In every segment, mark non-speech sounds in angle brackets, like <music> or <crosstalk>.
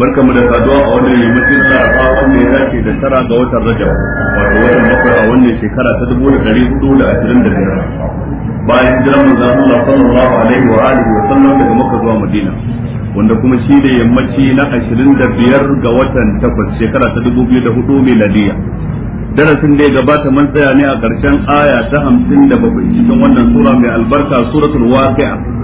barka mu da saduwa a wannan yammacin laraba wanda ya ce da tara ga watan rajab wato watan bakwai a wannan shekara ta dubu da dari hudu da ashirin da biyar bayan hijirar manzon Allah sallallahu alaihi wa alihi wa sallam daga Makka zuwa Madina wanda kuma shi ne yammaci na ashirin da biyar ga watan takwas shekara ta dubu biyu da hudu miladiya darasin da ya gabata mun tsaya ne a ƙarshen aya ta hamsin da bakwai cikin wannan sura mai albarka suratul waqi'a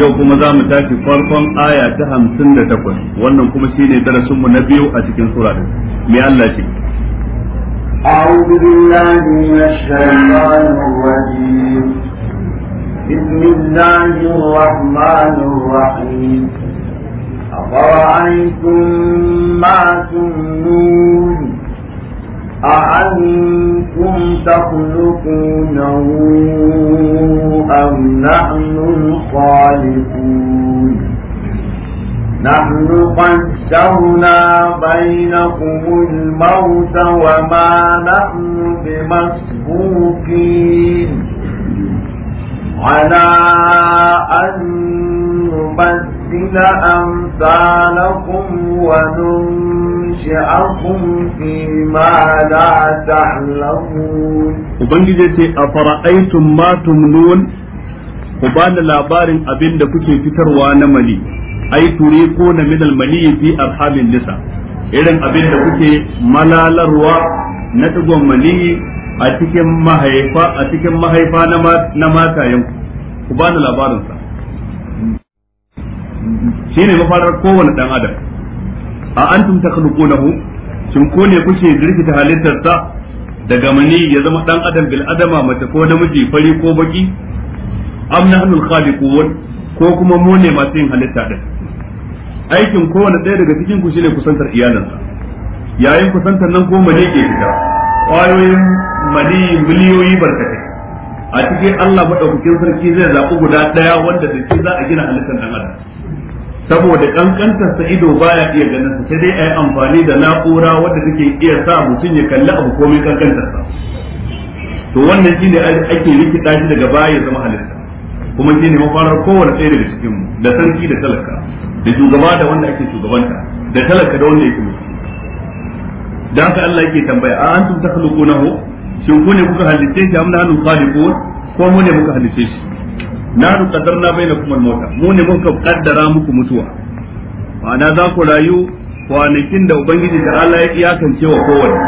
yau kuma za mu tashi farkon aya ta hamsin da takwas wannan kuma shi ne darasinmu na biyu a cikin sura ɗin mai Allah ce أعوذ بالله من الشيطان الرجيم بسم الله الرحمن الرحيم أفرأيتم ما تمنون أأنتم تخلقونه أم نحن الخالقون نحن قدرنا بينكم الموت وما نحن بمسبوقين على أن نبدل أمثالكم وننظر ينشئكم فيما لا تعلمون وبنجي أفرأيتم ما تمنون ku ba da labarin abin da kuke fitarwa na mani ai ture ko na minal mani fi arhamin nisa irin abin da kuke malalarwa na digon mani a cikin mahaifa a cikin mahaifa ku ba da labarin sa shine mafarar kowane ɗan adam a antum takhluqunahu shin ko ne kuke jirkita halittar sa daga mani ya zama dan adam bil adama mace ko namiji fari ko baki am nahnu khaliqun ko kuma mu ne masu yin halitta din aikin kowane ɗaya daga cikin ku shine kusantar iyalansa yayin kusantar nan ko mani ke fita kwayoyin mani miliyoyi barkatai a cikin Allah madaukakin sarki zai zaɓi guda ɗaya wanda da za a gina halittar dan adam saboda kankantar sa ido baya iya ganin sa sai dai ai amfani da na'ura wanda take iya sa mutum ya kalli abu komai kankantar sa to wannan shine ake likita shi daga baya ya zama halitta kuma shine mafarar kowane ɗaya daga cikin mu da sarki da talaka da shugaba da wanda ake shugabanta da talaka da wanda yake mutum Dan ka Allah yake tambaya a antum takhluqunahu shin kune ne kuka halitta shi amna antum khaliqun ko mu ne muka halitta shi na nu bai na kuma mota mu ne muka kaddara muku mutuwa ma'ana za ku rayu kwanakin da ubangiji da Allah ya iyakance wa kowanne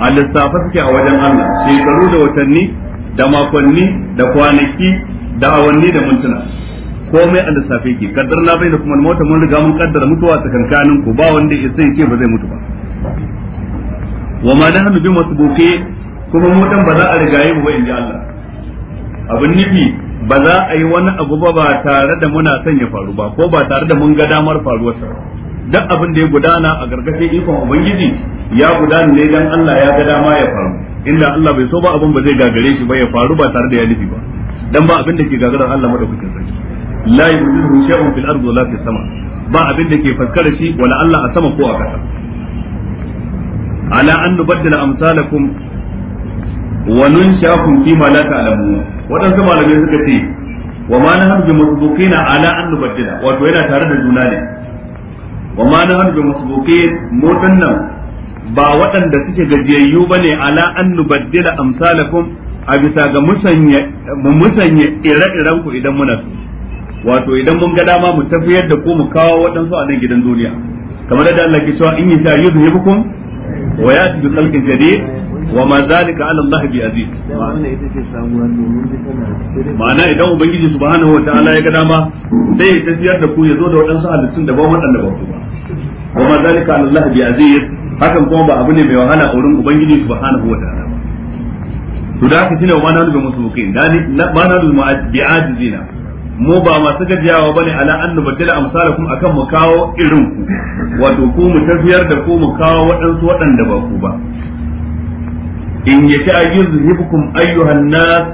a lissafa suke a wajen Allah shekaru da watanni da makonni da kwanaki da awanni da mintuna komai a lissafe ki kaddarna na kuma mota mun riga mun kaddara mutuwa tsakankanin ku ba wanda ya sai ce ba zai mutu ba wa ma nahnu bi masbuqi kuma mutan ba za a rigaye ba ba ji Allah abin nufi ba za a yi wani abu ba ba tare da muna son ya faru ba ko ba tare da mun ga damar faruwarsa duk abin da ya gudana a gargashin ikon ubangiji ya gudana ne dan Allah ya ga dama ya faru inda Allah bai so ba abin ba zai gagare shi ba ya faru ba tare da ya nufi ba dan ba abin da ke gagarar Allah madaukakin sarki la yuzihu shay'un fil ardi wala fis sama ba abin da ke fakkara shi wala Allah a sama ko a kasa ala an nubaddala amsalakum wa shafin fi ma la ta'lamun wadansu malamai suka ce wa ma na bi musbuqina ala an nubaddila wato yana tare da juna ne wa ma na bi musbuqin motan nan ba waɗanda suke gajiyayyu bane ala an nubaddila amsalakum a bisa ga musanya mu musanya ire-iren ku idan muna su wato idan mun ga dama mu tafiyar da ko mu kawo waɗansu a nan gidan duniya kamar da Allah ke cewa in yasha yuzhibukum wa ya'ti bi khalqin jadid wa ma zalika ala Allah bi aziz idan ubangiji subhanahu wataala ya ga dama sai ya tafiyar da ku ya zo da waɗansu halittun da ba waɗanda ba ku ba wa ma zalika ala Allah bi aziz hakan kuma ba abu ne mai wahala wurin ubangiji ba kai na mu ba masu gajiyawa bane ala an nubaddila amsalakum akan mu kawo irin ku wato ku mu tafiyar da ku mu kawo waɗansu waɗanda ba ku ba in ya yasha yuzhibukum ayyuhan nas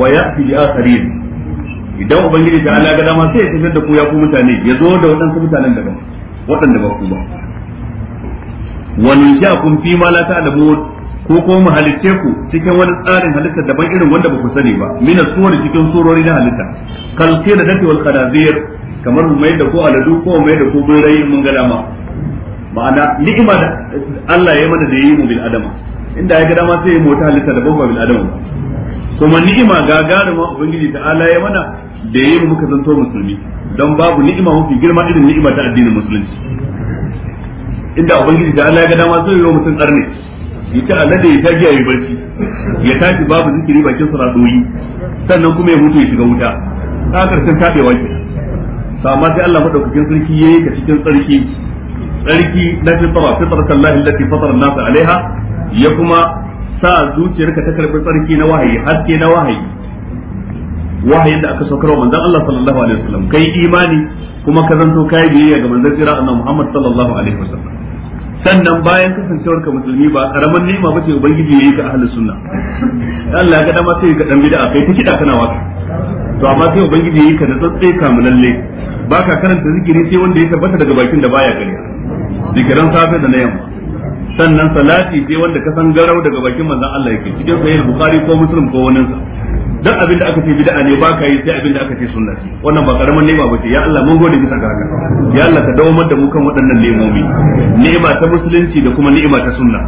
wa ya'ti bi akharin idan ubangiji ta Allah ga dama sai ya tafiyar da ku ya ku mutane ya zo da waɗansu mutanen daga waɗanda ba ku ba wani sha kun fi ma la ta'lamun ko ko mu halitte ku cikin wani tsarin halitta daban irin wanda ba ku sani ba mina suwar cikin surori na halitta kalke da dafi wal khadazir kamar mu mai da ko aladu ko mai da ko birai mun ga dama ma'ana ni'ima da Allah ya mana da yi mu bil adama inda ya ga dama sai ya mota halitta da babu bil adam kuma ni'ima gagaruma ubangiji ta ala ya mana da yi muka zanto musulmi don babu ni'ima mafi girma irin ni'ima ta addinin musulunci inda ubangiji ta ala ya ga dama sai ya mutum karni ya ta alade ya ta giya yi barci ya tashi babu zikiri bakin sa sannan kuma ya mutu ya shiga wuta ta karshen tabewa ke amma sai Allah madaukakin sarki yayi ka cikin tsarki tsarki na fitara fitara sallahi allati fatara an-nasa alaiha ya kuma sa zuciyarka ta karbi tsarki na wahayi haske na wahayi wahayin da aka saukar wa manzon Allah sallallahu alaihi wasallam kai imani kuma ka zanto kai biyayya ga manzon tsira annabi Muhammad sallallahu alaihi wasallam sannan bayan kasancewar ka musulmi ba karaman ni'ima ba ce ubangiji yayi ka ahlus sunna Allah ya ga dama sai ka dan bid'a kai ta kida kana waka to amma sai ubangiji yayi ka da tsatse kamulalle baka karanta zikiri sai wanda ya tabbata daga bakin da baya gani zikiran safe da na yamma sannan salati sai wanda ka san garau daga bakin manzon Allah yake cikin sahih bukhari ko muslim ko wannan sa duk abin da aka ce bid'a ne ba ka yi sai abin da aka ce sunna ce wannan ba karaman ba ce ya Allah mun gode bisa ga ya Allah ka dawo da mu kan waɗannan lemomi ni'ima ta musulunci da kuma ni'ima ta sunna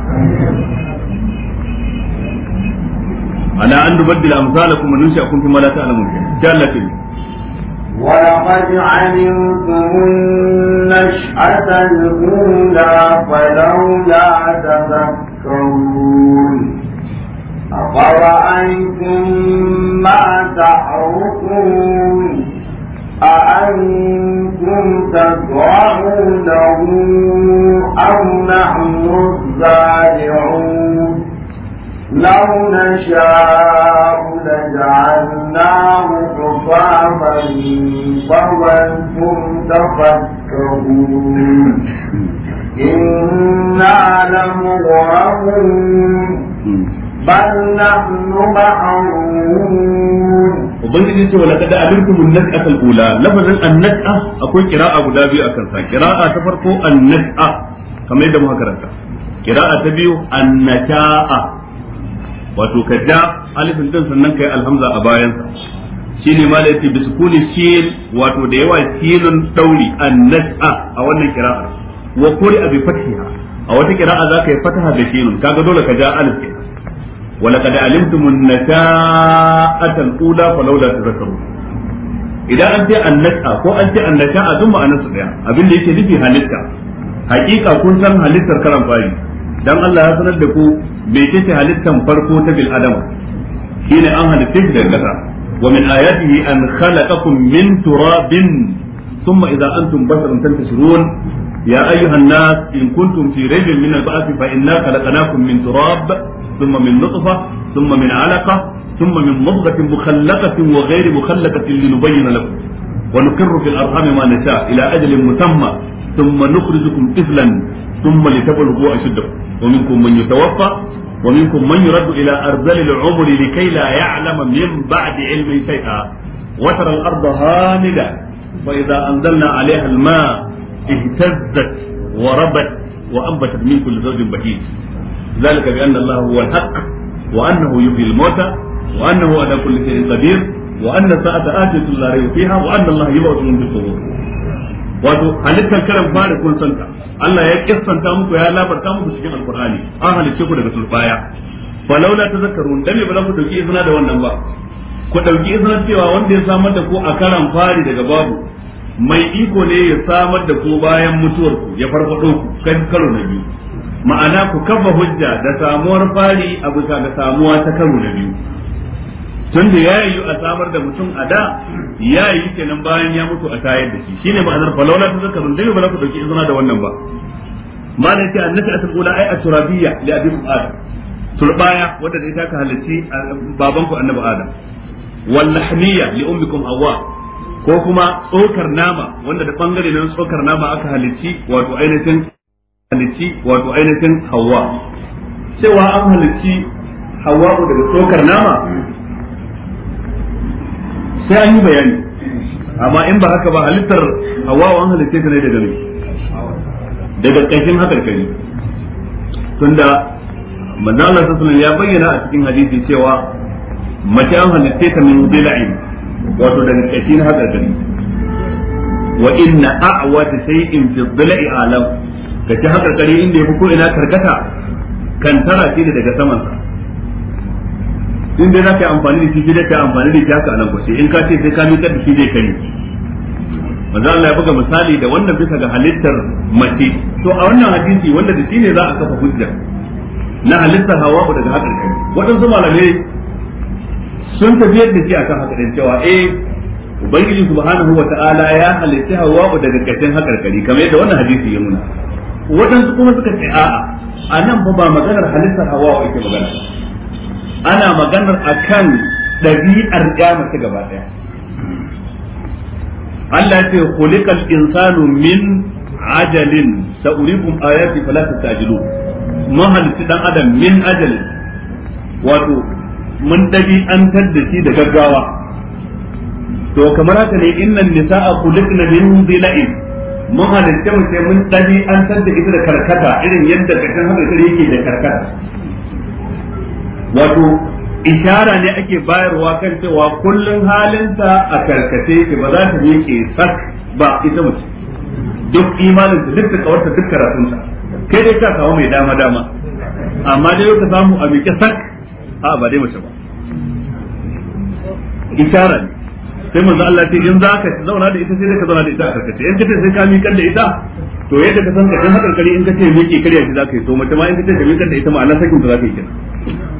ana an dubaddila amsalakum wa nusha'akum fi ma la ta'lamun ya Allah ولقد علمتم النشأة الأولى فلولا تذكرون أفرأيتم ما تعرفون أأنتم تزرعونه أم نحن الزارعون لو نشاء لجعلناه حطاما فولتم تفكرون إنا لمغرمون بل نحن محرومون ubangiji ce wala kada aminkum an-nas'a al-ula lafazin an-nas'a akwai qira'a guda biyu akan sa qira'a ta farko an-nas'a kamar yadda muka karanta qira'a ta biyu an-nata'a wato ka ja alifin din sannan kai alhamza a bayansa shine ma da yake bisukuni shin wato da yawa sinun dauri annas'a a wannan qira'a wa quri'a bi fathiha a wata qira'a za ka yi fataha da shinun kaga dole ka ja alif kenan wa laqad alimtum an-nata'ata al-ula falawla tadhakkarun idan an ce annas'a ko an ce annasha'a duk ma'anar su daya abin da yake nufi halitta hakika kun san halittar karan fari dan Allah ya sanar da ku me ce halittan farko ta bil adama shine an halitta shi daga kasa wa min ayatihi an khalaqakum min turabin thumma idza antum basharun tantashirun يا أيها الناس إن كنتم في ريب من البعث فإنا خلقناكم من تراب ثم من نطفة ثم من علقة ثم من مضغة مخلقة وغير مخلقة لنبين لكم ونقر في الأرحام ما نشاء إلى أجل مسمى ثم نخرجكم طفلا ثم لتبلغوا أشدكم ومنكم من يتوفى ومنكم من يرد إلى أرذل العمر لكي لا يعلم من بعد علم شيئا وترى الأرض هامدة فإذا أنزلنا عليها الماء اهتزت وربت وأنبتت من كل زوج بهيج ذلك بأن الله هو الحق وأنه يحيي الموتى وأنه على كل شيء قدير وأن الساعة آتية لا ريب فيها وأن الله يبعث من في wato halittar karan fara kun santa Allah ya kissanta muku ya labarta muku cikin alqur'ani an halicce ku daga turbaya falaula tazakkarun dan me ba ku dauki izina da wannan ba ku dauki izina cewa wanda ya samar da ku a karan fari daga babu mai iko ne ya samar da ku bayan mutuwar ku ya farfado ku kan karo na biyu ma'ana ku kafa hujja da samuwar fari a bisa ga samuwa ta karo na biyu tunda ya yi a samar da mutum a da ya yi kenan bayan ya mutu a tayar da shi shine ma'anar falaula ta zakarun dai ba za ku dauki izina da wannan ba malam ce annati atul ula ay aturabiyya li abi adam turbaya wanda da ita ka baban ku annabi adam wal lahmiyya li ummikum hawa ko kuma tsokar nama wanda da bangare nan tsokar nama aka halarci wato ainihin halarci wato ainihin hawa cewa an halarci hawa'u daga tsokar nama sai an yi bayani amma in ba haka ba halittar hawa an halitta ta ne daga ne daga ƙarshen hakarkari tunda manzala Allah ya bayyana a cikin hadisi cewa mace an halitta ta min dila'in wato daga ƙarshen hakarkari wa inna sai shay'in fi bilai alam kace hakarkari inda yafi ko ina karkata kan tara shi daga saman in dai zaka yi amfani da shi shi dai ka yi amfani da shi haka a nan kwashe in ka ce sai ka miƙar da shi zai kai manzo Allah ya buga misali da wannan bisa ga halittar mace to a wannan hadisi wanda da shi ne za a kafa hujja na halittar ko daga hakan kai waɗansu malamai sun tafiyar da shi akan haka cewa eh ubangiji subhanahu wata'ala ya halitta ko daga kashin hakan kai kamar yadda wannan hadisi ya nuna waɗansu kuma suka ce a'a a nan fa ba maganar halittar ko yake magana ana maganar kan ɗabi'ar ƙyama masu gaba ɗaya Allah ya ce khuliqal insanu min ajalin sa'urikum ayati fala tastajilu mahalci dan adam min ajalin wato mun ɗabi'antar da shi da gaggawa to kamar haka ne innan nisa'a kulikna min dhila'in mun halitta sai mun ɗabi'antar da ita da karkata irin yadda kashin haka yake da karkata wato ishara ne ake bayarwa kan cewa kullun halinta a karkace yake ba za ta ke sak ba ita mace duk imanin ta duk kawarta duk karatunta kai dai ka samu mai dama dama amma dai yau ka samu a mike sak a ba dai mace ba ishara ne sai manzo Allah ce in za ka zauna da ita sai ka zauna da ita a karkace in kace sai ka miƙar da ita to yadda ka san ka san hakan kare in kace mike kariya shi za ka yi to mace ma in kace ka miƙar da ita ma Allah sakin ta za ka yi kenan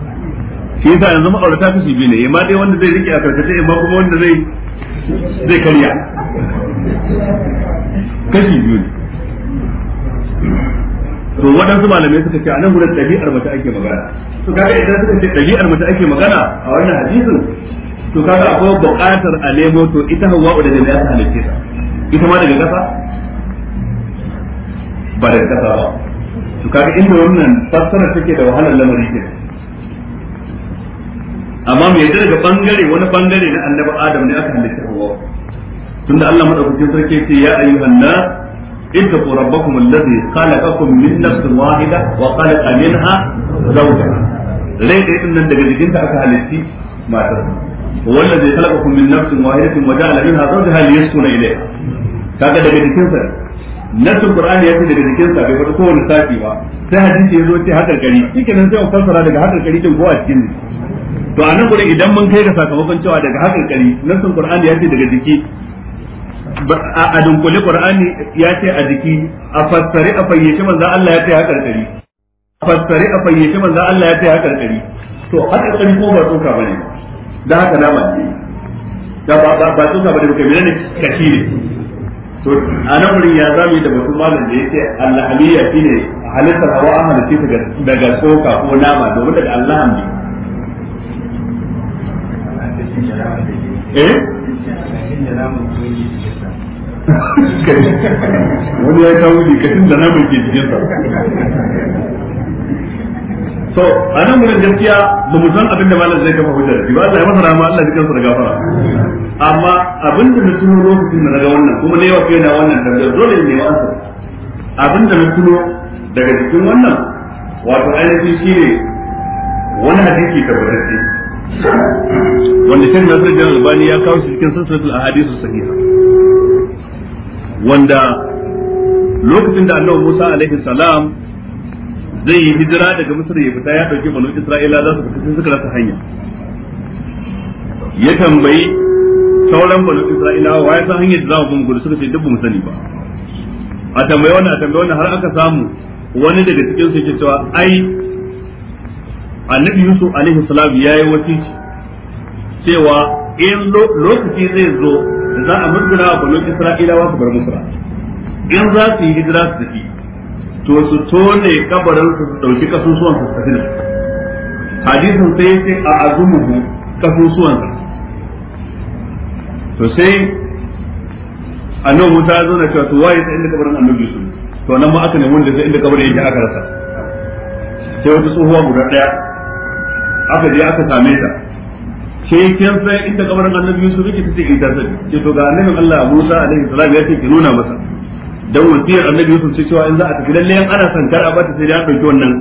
shi yasa yanzu ma'aurata kashi biyu ne ma dai wanda zai rike a karkace imma kuma wanda zai zai karya kashi biyu ne to waɗansu malamai suka ce a nan gudan ɗabi'ar mace ake magana to kaga idan suka ce ɗabi'ar mace ake magana a wannan hadisin to kaga akwai buƙatar a nemo to ita hawa da ne aka halitta ta ita ma daga ƙasa ba daga ƙasa ba to kaga inda wannan fassara take da wahalar lamari kenan amma mai yadda daga bangare wani bangare na annabi adam ne aka halitta hawa tunda Allah madaukakin sarki ce ya ayyuhan nas ittaqu rabbakum alladhi khalaqakum min nafsin wahida wa khalaqa minha zawjaha rai da idan nan daga jikinta aka halitti matar wallazi khalaqakum min nafsin wahidatin wa ja'ala minha zawjaha liyaskuna ilayha kaga daga jikinsa nasu qur'ani ya ce daga jikinsa bai fada kowane sati ba sai hadisi ya zo ce hadar gari cikin nan sai mu fassara daga hadar gari din ko a cikin to anan gurin idan mun kai ga sakamakon cewa daga hakan kari nassin qur'ani ya ce daga jiki a dunkule qur'ani ya ce a jiki a fassare a fayyace manzo Allah ya ce hakan kari a fassare a fayyace manzo Allah ya ce hakan kari to hakan kari ko ba tsoka bane da haka na ne da ba ba ba tsoka bane kai menene kashi ne to anan gurin ya zame da mutum malam da ce, Allah aliyya shine halittar hawa an ce daga tsoka ko nama domin daga Allah ne eh wani ya kawo jikacin da naman ke jikinsa so a nan wurin gaskiya ba mu san abin da malam zai kafa hujjar shi ba Allah ya masa rahama Allah jikin sa da gafara amma abin da na tuno lokacin da na ga wannan kuma ne wa kai na wannan da dole ne wa ansa abin da na tuno daga cikin wannan wato ainihi shine wani hadisi tabbatacce wanda shan nasiruddin albani ya kawo shi cikin silsilatul ahadithu sahiha wanda lokacin da annabi Musa alaihi salam zai yi hijira daga Misr ya fita ya dauki banu Isra'ila za su fita suka rasa hanya ya tambayi sauran banu Isra'ila wa ya san hanyar da za mu gudu suka ce duk musani ba a tambayi wannan a tambayi wannan har aka samu wani daga cikin su yake cewa ai annabi yusuf alaihi salam yayi wasici cewa in lokaci zai zo da za a murgura wa lokaci isra'ilawa su bar musra in za su yi hijira su tafi to su tone kabarin su su dauki kasusuwan su tafi hadisin sai ce a azumuhu kasusuwan to sai annabi Musa ya zo na cewa to waye sai inda kabarin annabi Yusuf to nan ma aka ne wanda sai inda kabarin yake aka rasa sai wata tsohuwa guda daya aka je aka same ta ke kin sai inda kabarin annabi Yusuf yake tace ita sai ce to ga annabi Allah Musa alaihi salam ya ce ki nuna masa dan wasiyar annabi Yusuf sai cewa in za a tafi lalle ana san kar a bata sai ya dauki wannan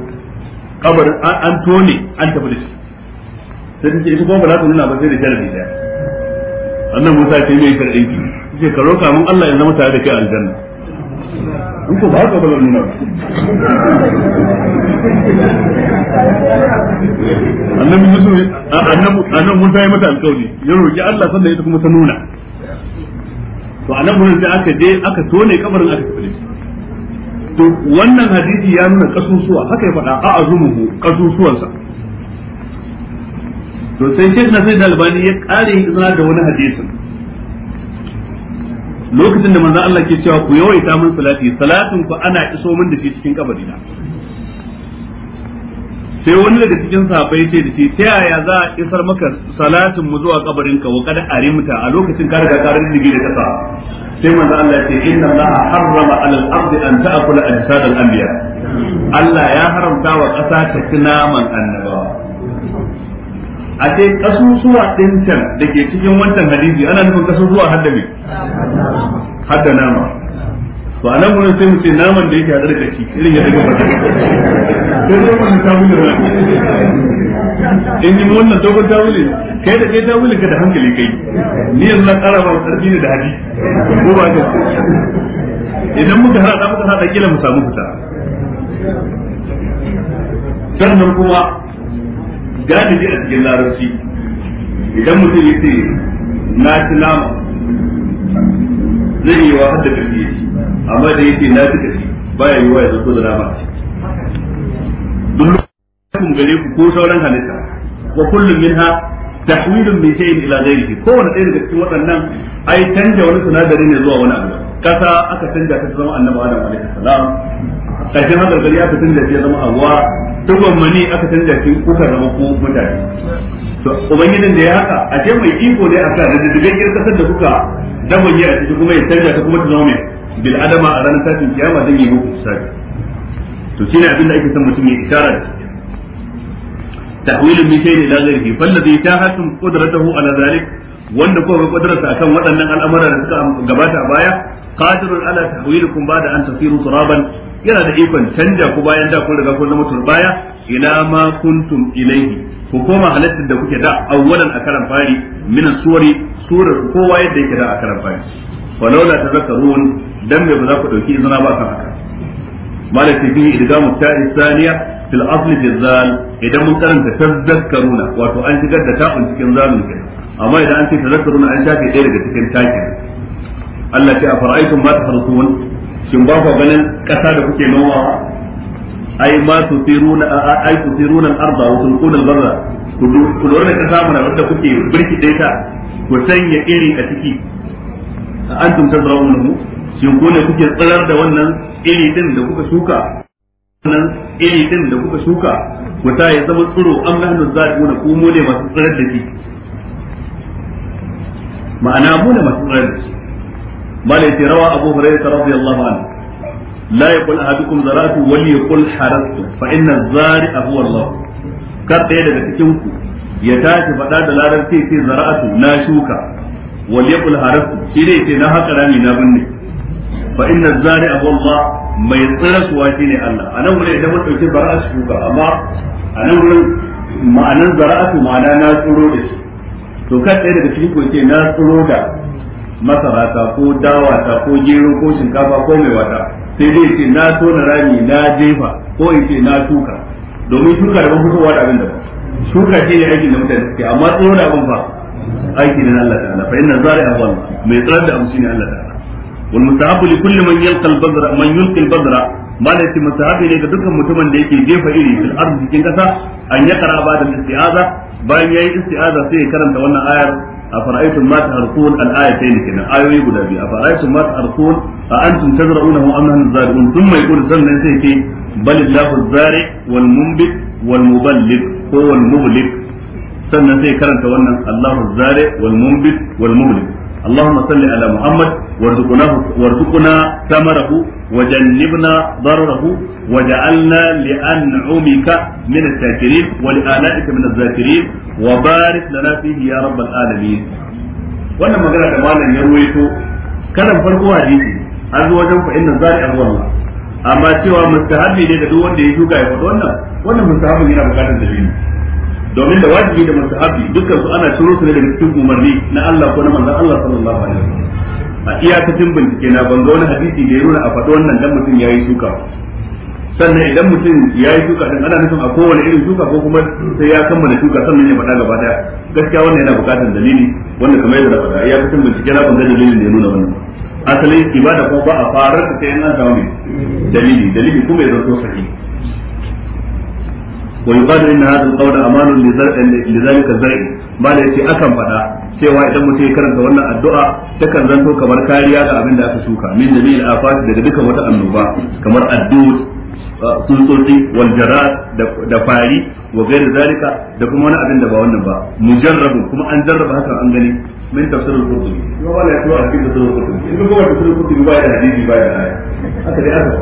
kabarin an tone an tafi da shi sai take ita kuma ba za ta nuna ba sai da jarabi daya annabi Musa ce mai karɗin ki ce ka roka mun Allah ya zama tare da kai aljanna ko ba haka bala nuna annabi mutum annabi annabi Musa ya mata alƙawari ya roki Allah sanda ya kuma ta nuna to anan gurin sai aka je aka tone kabarin aka tafi to wannan hadisi ya nuna kasusuwa haka ya faɗa a'azumuhu kasusuwansa to sai na sai Dalbani ya ƙare izina da wani hadisin lokacin da manzon Allah ke cewa ku yawaita mun salati salatin ku ana iso min da shi cikin kabari sai wani daga cikin sahabbai ce da shi ta yaya za a isar maka salatin mu zuwa kabarin wa kad arimta a lokacin ka riga karin digi da kasa sai manzon Allah ya ce inna Allah harrama alal ardi an ta'kula ajsad al anbiya Allah ya haramta wa kasa ta ci naman annabawa a ce kasusuwa din can da ke cikin wancan hadisi ana nufin kasusuwa hadda me hadda nama to a nan gurin sai mu ce naman da yake hadar kashi irin ya daga fata sai zai mun ta wuli ba in yi wannan dogon ta wuli kai da kai ta wuli ka da hankali kai ni yanzu na ƙara ba karfi ne da hadisi ko ba ka idan muka hada muka hada kila mu samu fita sannan kuma galibi a cikin larabci idan mutum ya ce na ci nama zai yi wa hadda kashi amma da ya ce na ci kashi baya yi wa ya zato da nama duk lokacin gare ku ko sauran halitta wa kullum min ha tahwilun min shay'in ila ghayrihi kowanne ɗaya daga cikin waɗannan ai canja wani sinadari ne zuwa wani abu kasa aka canja ta zama annabi adam alaihi salam kashin hadar gari aka canja ta zama hawa dukkan mani aka canja shi kuka zama ku mutane to ubangijin da ya haka a ce mai iko ne a aka da didigaggen kasar da kuka yi a ciki kuma ya canja ta kuma ta zama mai bil adama a ranar tashin kiyama zan yi muku sabi to shine abin da ake son mutum ya isharar تحويل من شيء الى غيره فالذي شاهدتم قدرته على ذلك wanda kuma kudararsa akan waɗannan al'amura da suka gabata a baya qadirun ala tahwilukum ba'da an tasiru turaban yana da ikon canja ku bayan da kun riga kun zama turbaya ila ma kuntum ilayhi ku koma halittar da kuke da awwalan a karan fari min suwari surar kowa yadda yake da a karan fari walaula tazakkarun dan me ba za ku dauki izina ba kan haka malaka fi idgamu ta'i thaniya fil asli fi zal idan mun karanta tazakkaruna wato an shigar da cikin amma idan an ce an ɗaya daga cikin takin Allah ce a fara'aikun ba ta harsuwan shin ba ku ganin ƙasa da kuke nomawa ai ma su tiruna ai ku tiruna al-arda wa tulquna al-barra ku lura da ƙasa mana wanda kuke birkide ta ku sanya iri a ciki a antum tazrawunahu shin ku ne kuke tsirar da wannan iri din da kuka shuka wannan iri din da kuka shuka ku ta ya zama tsiro an nahnu zalimuna ku mu ne masu tsirar da shi ma'ana mu ne masu tsirar da shi مالك روى أبو هريرة رضي الله عنه لا يقول أحدكم زرعت وليقل حرست فإن الزارع هو الله kar daga cikin ya tashi faɗa da larabci ce zara'atu na shuka wal yaqul harastu shi ne ce na haka rami na binne fa inna zari'a wallah mai tsirasuwa shine Allah anan wurin idan mun dauki zara'atu shuka amma anan wurin ma'anan zara'atu ma'ana na da shi to kar daga cikin na da masara ta ko dawa ta ko gero ko shinkafa ko mai wata sai dai ce na tona rami na jefa ko in ce na tuka domin tuka da ban fitowa da abin da ba shuka ce ne aikin da mutane suke amma tsoro da abin fa aiki ne na Allah ta'ala fa inna zari'a wal mai tsirar da amshi ne Allah ta'ala wal mustahabu li kulli man yalqa al badra man yulqi al badra malai ce mustahabi ne ga dukkan mutumin da yake jefa iri fil ardi cikin kasa an ya kara ba da isti'aza bayan yayi isti'aza sai ya karanta wannan ayar أفرأيتم ما تحرثون الآيتين كنا آيوي قد بي أفرأيتم ما تحرثون أأنتم تزرعونه أم نحن الزارعون ثم يقول سنة سيكي بل الله الزارع والمنبت والمبلغ هو المبلغ سنة سيكرا تولنا الله الزارع والمنبت والمبلغ اللهم صل على محمد وارزقناه وارزقنا ثمره وجنبنا ضرره وجعلنا لأنعمك من الشاكرين ولآلائك من الذاكرين وبارك لنا فيه يا رب العالمين wannan magana da malam ya ruwaito karan farko hadisi an zo wajen fahimtar inna zari an wallah amma cewa mustahabi ne da duk wanda ya shuka ya faɗi wannan wannan yana bukatar dalili domin da wajibi da mustahabi dukkan su ana ciro su ne daga cikin umarni na Allah ko na manzon Allah sallallahu alaihi wasallam a iyakacin bincike na ban ga wani hadisi da ya nuna a faɗo wannan dan mutum yayi shuka sannan idan mutum ya yi shuka din ana nufin a kowane irin shuka ko kuma sai ya kammala shuka sannan ya faɗa gaba daya gaskiya wannan yana buƙatar dalili wanda kamar yadda faɗa ya fitin bincike na bangaren dalilin da ya nuna wannan asalin ibada ko ba a farar ta sai an samu dalili dalili kuma ya zanto sahihi wa yuqalu inna hadha al-qawl amanun li zar'in li zalika zar'i ba da yake akan fada cewa idan mutum ya karanta wannan addu'a ta kan zanto kamar kariya ga abin da aka shuka min jami'il afat daga dukkan wata annoba kamar addu'a tsutsotsi wal jarat da fari wa gairu zalika da kuma wani abin da ba wannan ba mujarrabu kuma an jarraba hakan an gani min tafsir al-qurtubi kuma wala yato a cikin tafsir al-qurtubi in kuma tafsir al-qurtubi ba ya hadisi ba ya aya haka dai aka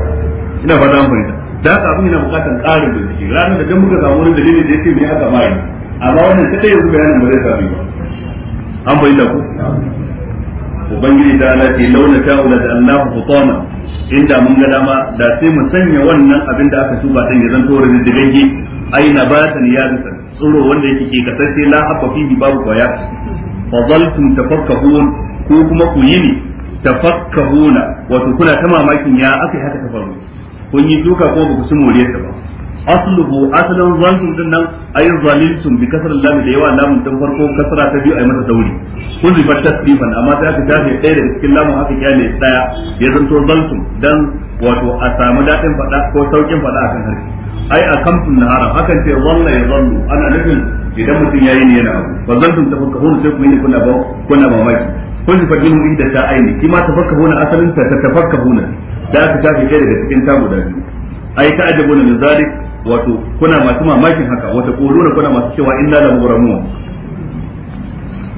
ina fata an fahimta da haka abin yana bukatan ƙarin bincike ranar da dan muka samu wani dalili da yake mai aka mai amma wannan kadai yanzu bayanin ba zai sami ba an da ku ubangiji ta ala ce launa ta ula da allahu hutama inda mun ga dama da sai mu sanya wannan abin da aka shuka din ya zanto rididdigagge aina ba ta ni ya zata tsoro wanda yake ke kasance la haɓa fihi babu kwaya fadaltum tafakkahun ko kuma ku yi yini tafakkahuna wato kuna ta mamakin ya aka haka ta faru kun yi duka ko ba ku ci moriyar ba asluhu aslan zaltum din nan ay zalimtum bi kasar lam da yawa lamun dan farko kasra ta biyu ay mata dauri kun riba tasrifan amma sai aka dace ɗaya daga cikin lamun haka kyale daya ya zanto zaltum dan wato a samu dadin fada ko saukin fada akan harfi ai a nahara hakan ce zalla ya zallu ana nufin idan mutum yayi ne yana abu fa zaltum tafakkahun sai ku yi kuna ba kuna mamaki kun riba ilmu inda ta aini kima tafakkahuna asalin ta tafakkahuna da aka tafi kai daga cikin tamu da biyu ai ta ajabu min zari wato kuna masu mamakin haka wata da kuna masu cewa inna la muramun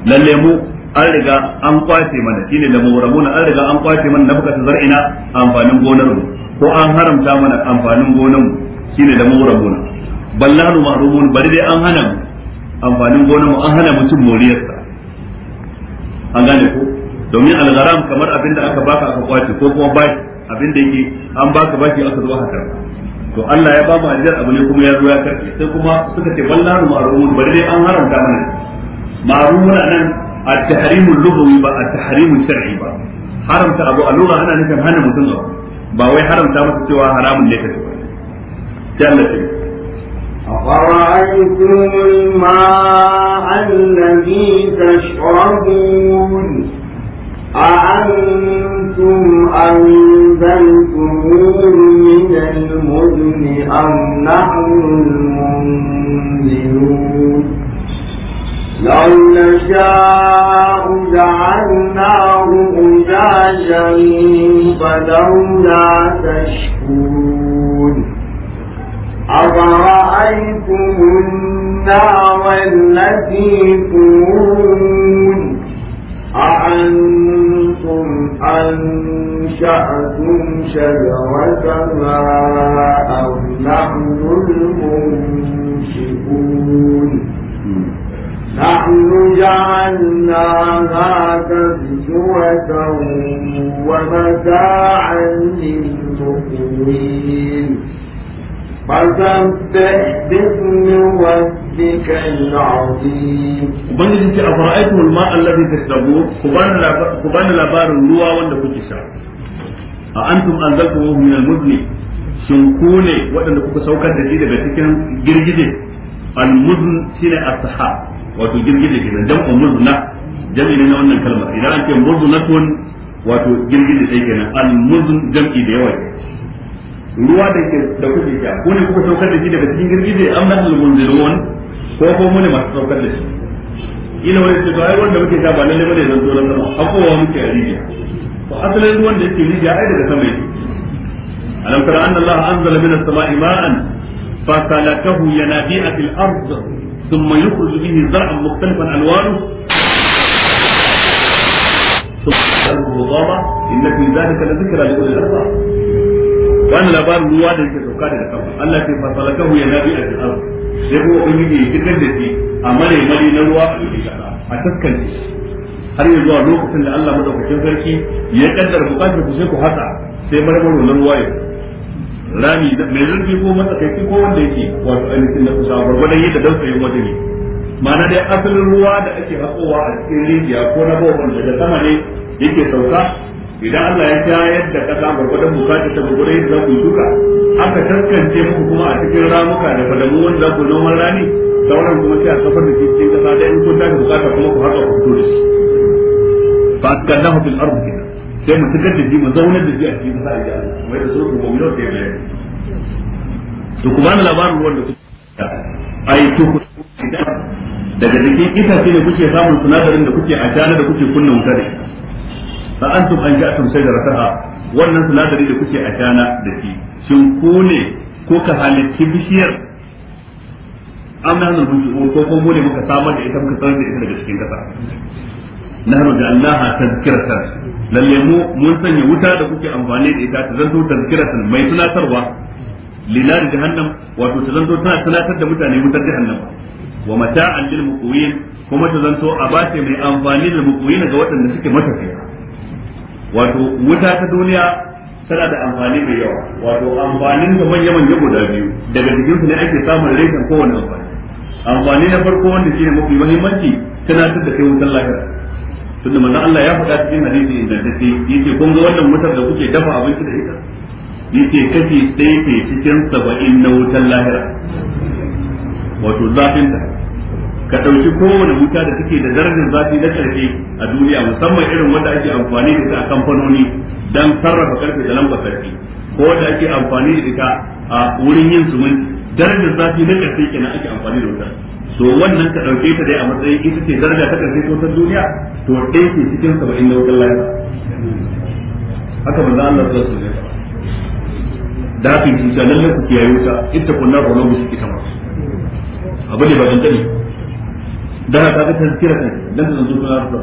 lalle mu an riga an kwace mana shine la muramuna an riga an kwace mana na bukata zar'ina amfanin gonar mu ko an haramta mana amfanin gonar mu shine la muramuna ballanu mahrumun bari dai an hana mu amfanin gonar mu an hana mu cin moriyarsa an gane ko domin algaram kamar abin da aka baka aka kwace ko kuma bai abin da yake an baka baki aka zo haka to Allah ya ba mu ajiyar abu ne kuma ya zo ya karbe sai kuma suka ce wallahu ma'rumun bari dai an haramta mana ma'rumun nan at-tahrimul lughawi ba at-tahrimul shar'i ba haramta abu a lura ana nufin hana mutum abu ba wai haramta masa cewa haramun ne kace ba sai Allah ya أفرأيتم الماء الذي تشربون أأنتم أنزلتموه من المدن أم نحن المنزلون لو نشاء جعلناه أجاجا فلولا تشكرون أفرأيتم النار التي تمون أأنتم أنشأتم شجرتها أم نحن المنشئون نحن جعلناها تذكرة ومتاعا للمؤمنين فسبح باسم ربك العظيم ubangiji ce a fara'aitu ulma allazi tasdabu ku bani labarin ruwa wanda kuke sha a antum anzaltumuhu min al-muzni shin ku ne waɗanda kuka saukar da shi daga cikin girgije al-muzn shine as-saha wato girgije kenan jam'u muzna jam'i ne na wannan kalmar idan an ce muznatun wato girgije sai kenan al-muzn jam'i da yawa ruwa da ke da kuke sha ko ne kuka saukar da shi daga cikin girgije am nahnu munzilun ko ko mu ne masu saukar da shi ina wani ce ba wanda muke sha ba lalle bane zanto nan sama hakowa muke a rijiya to asalin ruwan da yake rijiya ai daga sama yake alam tara anna allaha anzala min as-sama'i ma'an fasalakahu yanabi'a fil ard thumma yukhruju bihi zar'an mukhtalifan alwanuhu ثم الرضامة إن في ذلك لذكرى لأولي الأرباب bani labarin ruwa da yake sauka daga sama Allah ce fa salakahu ya nabi a cikin sai kuma ubangiji ya fitar da shi a mare mare na ruwa a cikin a taskan har yanzu zuwa lokacin da Allah madaukakin sarki ya kaddara bukatar ku sai ku hasa sai marmaro na ruwa ya rami mai zurfi ko matsakaici ko wanda yake wato ainihin na kusa gwargwadon yadda dausayin wajen ne ma'ana dai asalin ruwa da ake haƙowa a cikin rijiya ko na bohon daga sama ne yake sauka idan Allah ya shayar da kasa gurgurdan bukata ta gurgurdan yadda za ku duka aka tantance muku kuma a cikin ramuka da fadamu wanda za ku noman rani sauran kuma sai a kafar da cikin kasa da in kun tashi bukata kuma ku haka ku fito da shi fa askallahu fil ardi sai mu tukar da jima mu zaunar da jiya a cikin kasa a wai da su ku mu'minu da ya to ku na labarin wanda da ai to ku daga cikin itace ne kuke samun sinadarin da kuke a da kuke kunna wuta da shi fa antum an ja'tum shajarataha wannan sinadari da kuke a shana da shi shin ku ne ko ka halicci bishiyar am na hannun bunci ko ko mu ne muka samar da ita muka tsare da ita daga cikin kasa nahnu ja'alnaha tazkirata lalle mu mun sanya wuta da kuke amfani da ita ta zanto tazkirata mai tunatarwa lilal jahannam wato ta zanto tana tunatar da mutane wutar jahannam wa mata'an lil muqwin kuma ta zanto abace mai amfani da muqwin ga waɗanda suke matafiya wato wuta ta duniya tana da amfani mai yawa wato amfanin ta manya manya guda biyu daga cikin su ne ake samun reshen kowane amfani amfani na farko wanda shine mafi muhimmanci tana tun da kai wutar lahira tunda manna Allah ya faɗa cikin hadisi inda take yace kun ga wannan wutar da kuke dafa abinci da ita yace kashi ɗaya ke cikin saba'in na wutar lahira wato zafin ta ka ɗauki kowane wuta da take da darajar zafi na ƙarfe a duniya musamman irin wanda ake amfani da ita a kamfanoni don sarrafa ƙarfe da lambar ƙarfe ko wanda ake amfani da ita a wurin yin zumunci darajar zafi na ƙarfe kenan ake amfani da wuta to wannan ka ɗauke ta dai a matsayin ita ce daraja ta ƙarfe ko ta duniya to ɗaya ke cikin saba'in da wutar lafiya haka ba za a lafiya su ne da haka yi lallai ku kiyaye wuta ita kunna musu lokaci kama abu ne ba dan dan ka ga tazkira kan dan ka zanto na da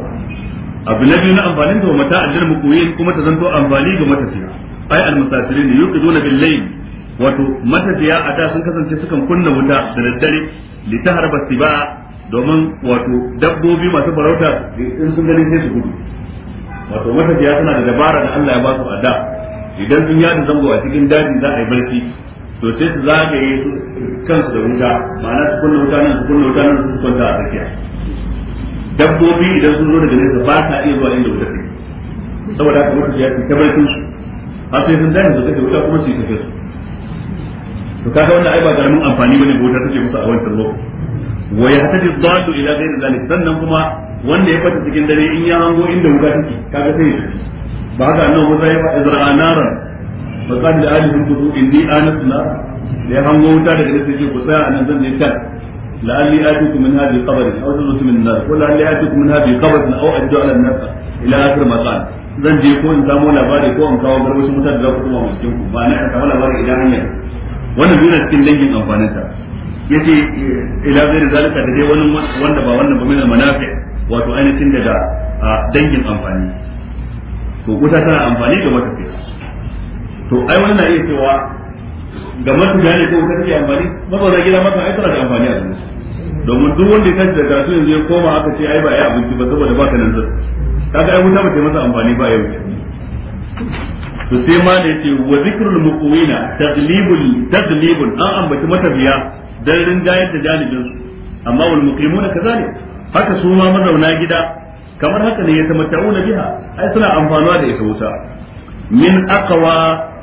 abu na biyu na amfanin da mata ajjar mukoyi kuma ta zanto amfani ga matafiya ai almusafirin yuqiduna bil layl wato matafiya a da sun kasance sukan kunna wuta da daddare li taharba domin wato dabbobi masu farauta in sun gani sai su gudu wato matafiya suna da dabara da Allah ya ba su a da idan sun da zango a cikin daji za a yi barci to sai su zagaye su kansu da wuta ma'ana su kunna wuta nan su kunna wuta nan su kwanta a tsakiya dabbobi idan sun zo daga nesa ba ta iya zuwa inda wuta ke saboda haka mutu ya ta barkin su har sai sun dace su wuta kuma su yi tafiya su to kaga wannan ai ba karamin amfani bane ga wuta take musu a wancan lokaci wa yahtadi dhadu ila ghayri zalik sannan kuma wanda ya fata cikin dare in ya hango inda wuta take kaga sai ba haka annabi Musa ya fa izra'a naran fa qad Ali alihum kudu inni anasna da ya hango wuta daga nesa ce ku tsaya anan zan je can la'alli atikum min hadhihi qabrin aw tulutu min nar ko la'alli atikum min hadhihi qabrin aw ajdu ala an-nas ila akhir ma qala zan je ko in samu labari ko in kawo garbashin wutar da za ku kuma cikin ku ba na ka samu labari idan hanyar wannan biyu cikin dangin amfanin ta yace ila zai da zalika da dai wani wanda ba wannan ba min al-manafi wato ainihin daga dangin amfani to wuta tana amfani ga matafiya to ai wannan iya cewa ga masu gane ko kar ke amfani mazauna gida masu ai tana da amfani a cikin domin duk wanda ya tashi da karatu yanzu ya koma aka ce ai ba ya abinci ba saboda ba ka nan zai kaga ai wuta ba ta masa amfani ba yau to sai ma da yace wa zikrul muqwina taglibul taglibul an ambaci matafiya dan rinjayar da janibin su amma wal muqimuna kazalik haka su ma mazauna gida kamar haka ne ya tamatta'una biha ai suna amfanuwa da ita wuta min aqwa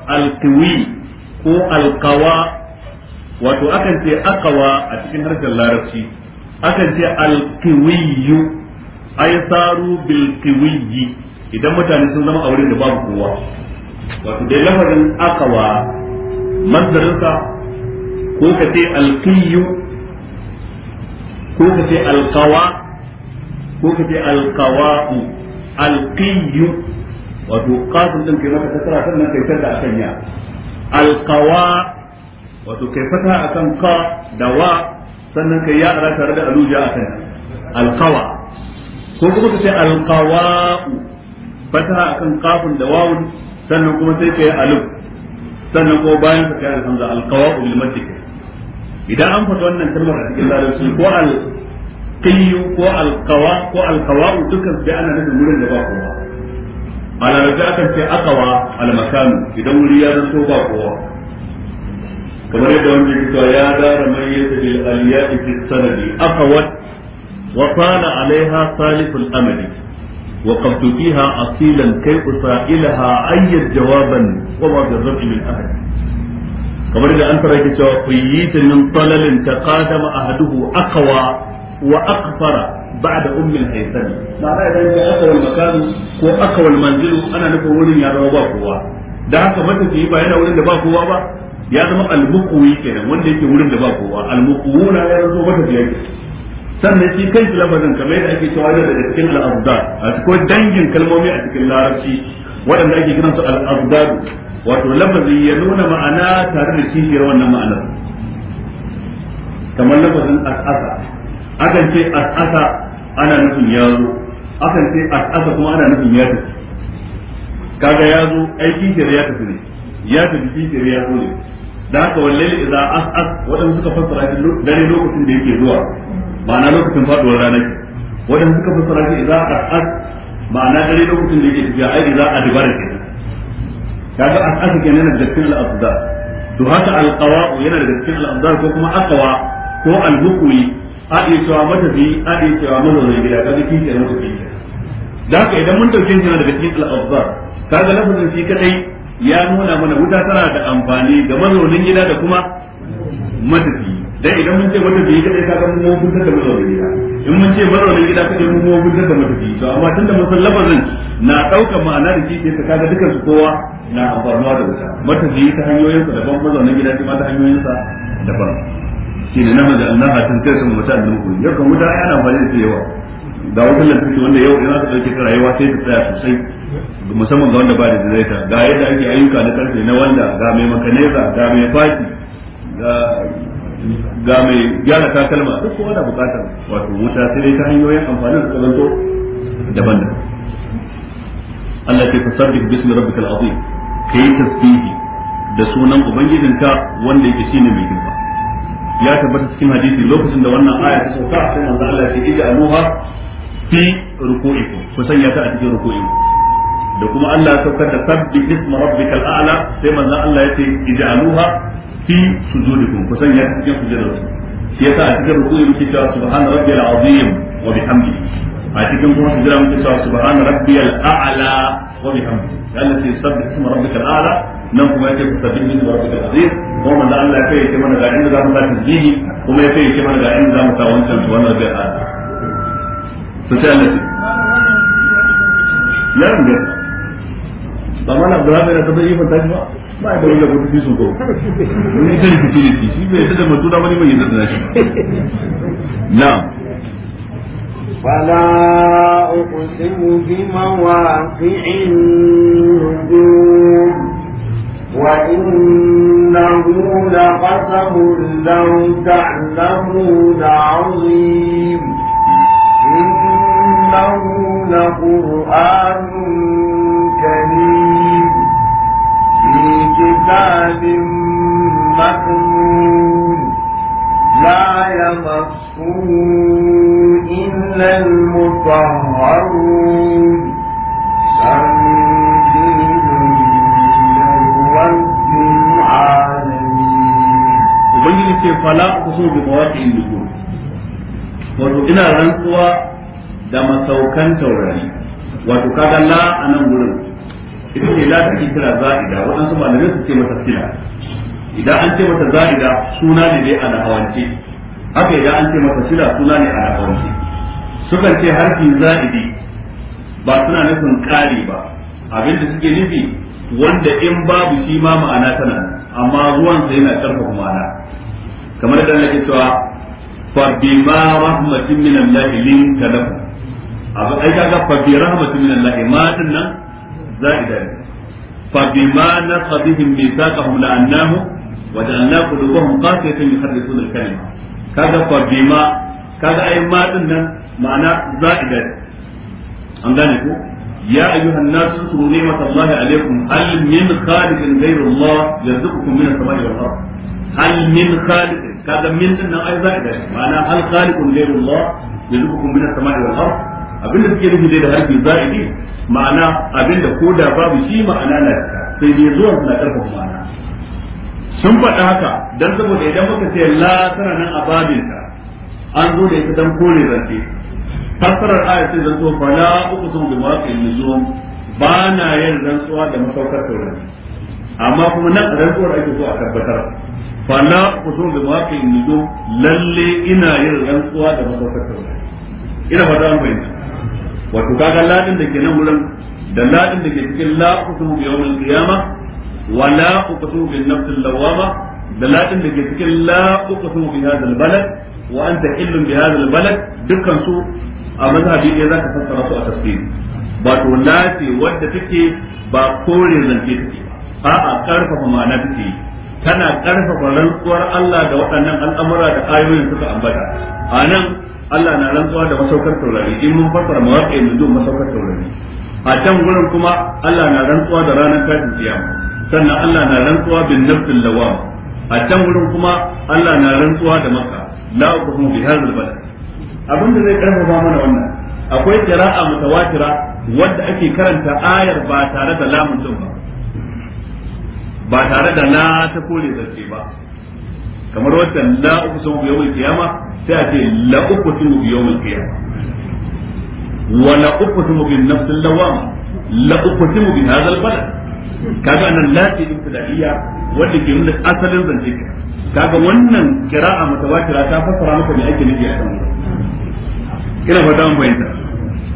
alkawi ko alkawa wato akan ce akawa a cikin harshen larabci akan ce alkiwiyu ai saru bil kiwiyi idan mutane sun zama a wurin da babu kowa wato dai lafazin akawa manzarinsa ko ka ce alkiyu ko ka ce alkawa ko ka ce alkawa'u alkiyu wato kafin din ke maka kasara sannan kai tarda akan ya alqawa wato kai fata akan ka da wa sannan kai ya ara tare da aluja akan alqawa ko kuma ka ce alqawa fata akan kafin da wawun sannan kuma sai kai alif sannan ko bayan ka kai alhamza alqawa bil masjid idan an faɗi wannan kalmar a cikin larabci ko al ko alqawa ko alqawa dukkan sai ana nufin murin da ba kowa a larabci akan ce akawa almakanu idan wuri ya zanto ba kowa kamar yadda wanda ke cewa ya dara mai yadda bil aliyati fi sanadi akawat wa kana alaiha saliful amali wa qabtu fiha asilan kai usailaha ayyad jawaban wa ma jarrabi min ahad kamar da an fara ke cewa quyyita min talalin taqadama ahaduhu akawa wa akfara بعد أم الهيثم معنى إذا جاء أقوى المكان ko أقوى المنزل أنا نفر ولن يرى kowa. da haka matafiyi ba yana wurin da ba kowa ba ya zama almuqwi kenan wanda yake wurin da ba kowa almuqwuna ya zo matafiya ke sannan shi kai lafazin kamar yadda ake cewa yana daga cikin al'abdar a cikin dangin kalmomi a cikin larabci waɗanda ake su al'abdar wato lafazi ya nuna ma'ana tare da kishiyar wannan ma'anar kamar lafazin al'asa akan ce as'asa ana nufin ya zo akan ce as'asa kuma ana nufin ya tafi kaga ya zo aikin kishiyar ya tafi ne ya tafi kishiyar ya zo ne da haka wallahi as as'as wadanda suka fassara shi dare lokacin da yake zuwa ma'ana lokacin faduwar rana ce wadanda suka fassara shi idza as'as ma'ana dare lokacin da yake tafiya ai a adbara ke kaga as'as nan da kullu al to haka al yana da cikin al ko kuma aqwa ko al a iya cewa matafi a iya cewa mazaunin gida kaga shi ke nan kuɗi da haka idan mun dauke shi daga cikin ka ga lafazin shi kadai ya nuna mana wuta tana da amfani ga mazaunin gida da kuma matafi dan idan mun ce matafi kadai kaga mun hukunta da mazaunin gida in mun ce mazaunin gida kadai mun hukunta da matafi to amma tunda mun san lafazin na daukar ma'ana da shi ka ga dukan su kowa na amfanuwa da wuta matafi ta hanyoyinsa daban mazaunin gida ma ta hanyoyinsa daban shi ne nama da Allah hatin kai sun mutu annabi ya kan wuta ana amfani da su yawa ga wutar lantarki wanda yau yana ta dauke rayuwa sai ta tsaya sosai musamman ga wanda ba da zaita ga yadda ake ayyuka na karfe na wanda ga mai makaneza ga mai faki ga ga mai gyara takalma duk kowa da bukatar wato wuta sai dai ta hanyoyin amfani da kalanto daban-daban Allah ke fasabbih bismi rabbikal azim kai tasbihi da sunan ubangijinka wanda yake shine mai girma ya tabbata cikin hadisi lokacin da wannan aya ta sauka sai manzo Allah ya ce ija aluha fi ruku'ikum ku sanya ta a cikin ruku'in da kuma Allah ya saukar da sabbi isma rabbikal a'la sai manzo Allah ya ce ija aluha fi sujudikum ku sanya ta cikin sujudarku shi yasa a cikin ruku'in muke cewa subhana rabbiyal azim wa bihamdihi a cikin kuma sujudar muke cewa subhana rabbiyal a'la wa bihamdihi Allah ya ce sabbi isma rabbikal a'la nan kuma yake sabbin min rabbika azim ko kuma da Allah ya kai mana ga inda zamu sa jini kuma ya kai mana ga inda zamu sa wancan to wannan bai a to sai Allah ya rinda ba mana Abdullahi da tabbata yi fanta ba ba da wani ko tafi sun ko ni sai ni tiri ki shi bai da mutu da wani mai yadda da shi na'am فلا أقسم بمواقع النجوم وإنه لقسم لو تعلمون عظيم إنه لقرآن كريم في كتاب مكنون لا يمسه إلا المطهرون العالمين ubangiji ce fala kuso bi wato ina rantsuwa da masaukan taurari wato gurin kira za'ida waɗansu ce an ce suna ne a haka ce suna ne ba suna nufin ƙari ba abinda suke nufi wanda in babu shi ma ma'ana tana amma ruwan sa yana karfafa ma'ana kamar da nake cewa fa ma rahmatin min Allah lin kadafu abu ai kaga fa bi rahmatin min Allah ma din nan za'ida ne fa bima naqadihim la annahu wa ja'alna qulubahum qasiyatan yuharrifuna al-kalima kaga fa ma kaga ai ma din nan ma'ana za'ida an gane ko يا أيها الناس اذكروا نعمة الله عليكم هل من خالق غير الله يرزقكم من السماء والأرض هل من خالق كذا من أنه أي زائدة معنى هل خالق غير الله يرزقكم من السماء والأرض abin da suke nufi da harfi za'idi ma'ana abin da ko da babu shi ma'ana na sai dai zuwa suna karfafa ma'ana sun faɗa haka dan saboda idan muka ce la tana nan a babinta an zo da ita dan kore zance fassarar ayat sai zanto fala uqsimu bi mawaqi'in nujum ba na yin rantsuwa da masaukar taurari amma kuma nan rantsuwar ake so a tabbatar fala uqsimu bi mawaqi'in nujum lalle ina yin rantsuwa da masaukar taurari ina fata an bayyana wato kaga ladin da ke nan wurin da ladin da ke cikin la uku uqsimu bi yawmil qiyamah wa la uku uqsimu bin nafsil lawwama da ladin da ke cikin la uqsimu bi hadha al balad wa anta illun bi hadha al balad dukkan su a mazhabi ne zaka fassara su a tafsiri to lati wadda take ba kore zance take ba a'a karfafa ma'ana take tana karfafa rantsuwar Allah da waɗannan al'amura da ayoyin suka ambata a nan Allah na rantsuwa da masaukar taurari in mun fassara mawaƙi nujum masaukar taurari a can gurin kuma Allah na rantsuwa da ranar tashin kiyama sannan Allah na rantsuwa bin nafsin lawam a can gurin kuma Allah na rantsuwa da maka la uqsimu bi hadha balad abin da zai karfafa mana wannan akwai qira'a mutawatira wadda ake karanta ayar ba tare da lamun din ba ba tare da na ta kore zarce ba kamar wacce la uku sun bi yawon kiyama sai a ce la uku sun bi yawon kiyama wa la uku sun bi nafsin lawama la uku sun bi hazal balad kaga nan lati ibtidaiya wanda ke nuna asalin zance kaga wannan kira'a mutawatira ta fassara maka me ake nufi a kan ina fata mun fahimta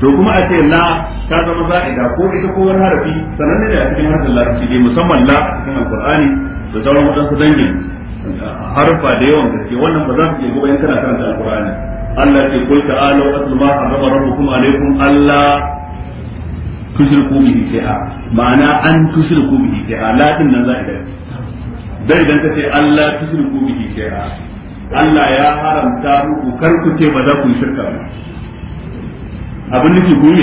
to kuma a ce la ta zama za'ida ko ita ko wani harafi sananne ne a cikin harafin larabci dai musamman la a cikin alqur'ani da sauran wadansu dangin ah, harfa da yawan gaske wannan ba za su iya in kana karanta alqur'ani Allah ce kul ta'alu atlu ma haraba rabbukum alaykum alla tushriku bihi shay'a ma'ana an tushriku bihi shay'a la din nan za'ida dai idan ka ce Allah tushriku bihi shay'a Allah ya haramta ku karku ce ba za ku shirka ba abin da ke ne